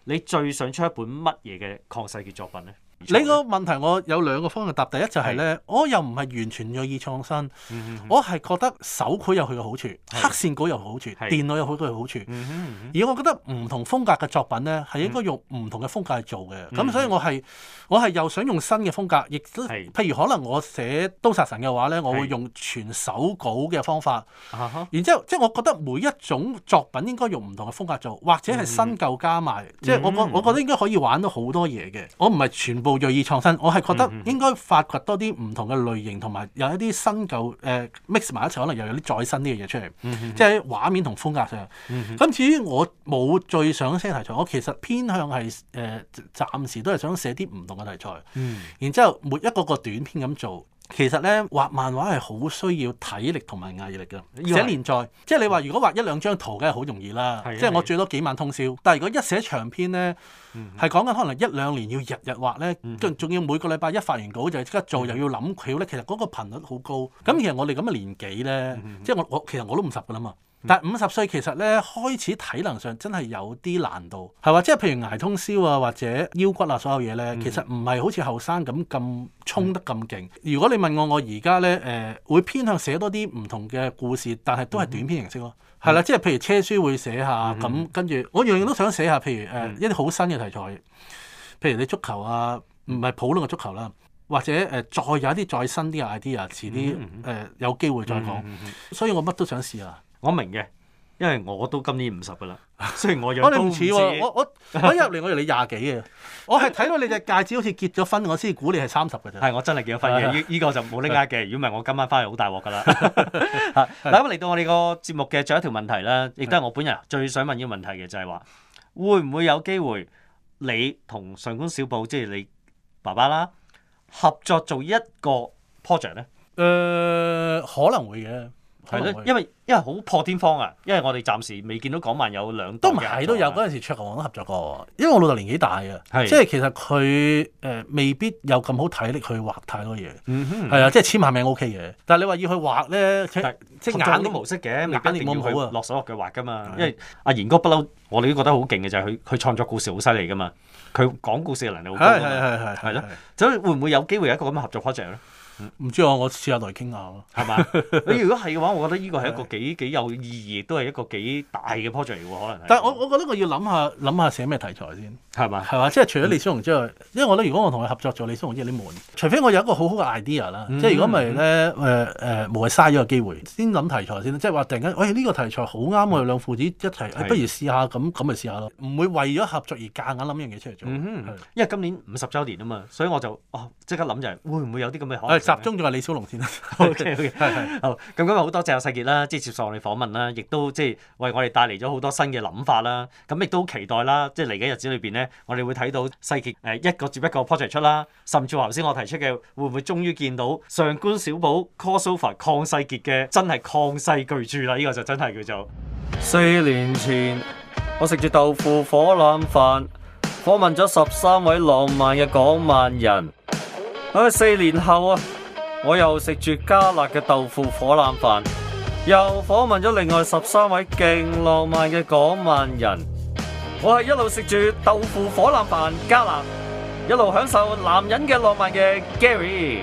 Speaker 1: 你最想出一本乜嘢嘅跨世紀作品咧？
Speaker 2: 你個問題
Speaker 1: 我有兩個
Speaker 2: 方向答，第一就係咧，是我又唔係完全銳意創新，嗯、哼我係覺得手繪有佢嘅好處，是黑線稿有好處，是電腦有好多嘅好處。嗯哼嗯哼，而我覺得唔同風格嘅作品咧，係應該用唔同嘅風格去做嘅。咁、嗯、哼所以我係我係又想用新嘅風格，亦都譬如可能我寫刀殺神嘅話咧，我會用全手稿嘅方法。嗯、哼然之後即係我覺得每一種作品應該用唔同嘅風格做，或者係新舊加埋。嗯、哼即係我覺我覺得應該可以玩到好多嘢嘅。我唔係全部。無鋭意創新，我係覺得應該發掘多啲唔同嘅類型，同埋有一啲新舊誒 mix 埋一齊，可能又有啲再新啲嘅嘢出嚟，嗯、哼哼即係畫面同風格上。咁、嗯、哼至於我冇最想寫嘅題材，我其實偏向係誒、呃、暫時都係想寫啲唔同嘅題材，嗯、然之後每一個個短篇咁做。其實咧畫漫畫係好需要體力同埋毅力㗎，而且連載即係你話如果畫一兩張圖梗係好容易啦，是是是即係我最多幾晚通宵。但係如果一寫長篇咧，係講緊可能一兩年要日日畫咧，跟仲、嗯、哼 要每個禮拜一發完稿就即刻做，嗯、哼 又要諗橋咧，其實嗰個頻率好高。咁其實我哋咁嘅年紀咧，嗯、哼 即係我我其實我都五十㗎啦嘛。但係五十歲其實咧開始體能上真係有啲難度，係話即係譬如捱通宵啊，或者腰骨啊，所有嘢咧其實唔係好似後生咁咁衝得咁勁。嗯、如果你問我，我而家咧誒會偏向寫多啲唔同嘅故事，但係都係短篇形式咯、啊。係啦、嗯，即係譬如車書會寫下咁，嗯、跟住我樣樣都想寫下，譬如誒、呃、一啲好新嘅題材，譬如你足球啊，唔係普通嘅足球啦，或者誒、呃、再有一啲再新啲嘅 idea，遲啲誒、呃呃、有機會再講。所以我乜都想試下、啊。我明嘅，因為我都今年五十噶啦，雖
Speaker 1: 然我有公子。我你唔似喎，我我我一入嚟我以為你廿幾嘅，
Speaker 2: 我係睇到你隻戒指好似結咗婚，我先估你係三十嘅啫。係我真係結咗婚嘅，呢呢個就冇拎甩
Speaker 1: 嘅。如果唔係，我今晚翻去好大鑊噶啦。嗱，咁嚟到我哋個節目嘅最後一條問題咧，亦都係我本人最想問嘅問題嘅，就係話會唔會有機會你同上官小寶即係你爸爸啦合作做一個 project 咧？誒，可能會嘅。係咧，因為因為好破天荒啊！因為我哋暫時未見到港漫有兩都唔係都有，嗰陣
Speaker 2: 時卓球王都合作過。因為我老豆年紀大啊，即係其實佢誒未必有咁好體力去畫太多嘢。嗯啊，即係簽吓名 OK 嘅。但係你話要去畫咧，
Speaker 1: 即係硬啲模式嘅，你一定要去落手落腳畫㗎嘛。因為阿賢哥不嬲，我哋都覺得好勁嘅就係佢佢創作故事好犀利㗎嘛。佢講故事嘅能力好高，係係係係啦。所以會唔會有機會有一個咁嘅合作 project 咧？唔知我，我試下來傾下咯，係嘛？你如果係嘅話，我覺得呢個係一個幾幾有意義，都係一個幾大嘅 project 喎，可能。但係我我覺得我要諗
Speaker 2: 下諗下寫咩題材先，係嘛係嘛？即係除咗李小龍之外，因為我覺得如果我同佢合作咗，李小龍啲嘢，啲悶。除非我有一個好好嘅 idea 啦，即係如果唔係咧，誒誒，無謂嘥咗個機會。先諗題材先啦，即係話突然間，喂，呢個題材好啱我哋兩父子一齊，不如試下咁咁咪試下咯。唔會為咗合作而夾硬諗樣嘢出嚟做。因為今年五十周年啊嘛，所以
Speaker 1: 我就啊即刻諗就係會唔會有啲咁嘅可能。集中咗係李小龍先 okay, okay, okay, okay. 啦。OK 好，咁今日好多謝世傑啦，即係接受我哋訪問啦，亦都即係、就是、為我哋帶嚟咗好多新嘅諗法啦。咁亦都期待啦，即係嚟緊日子裏邊咧，我哋會睇到世傑誒一個接一個 project 出啦，甚至頭先我提出嘅會唔會終於見到上官小寶 crossover 抗世傑嘅真係抗世巨著啦？呢、這個就真係叫做四年前我食住豆腐火腩飯，訪問咗十三位浪漫嘅港漫人。唉、哎，四年後啊！我又食住加辣嘅豆腐火腩飯，又訪問咗另外十三位勁浪漫嘅港萬人。我係一路食住豆腐火腩飯加辣，一路享受男人嘅浪漫嘅
Speaker 3: Gary。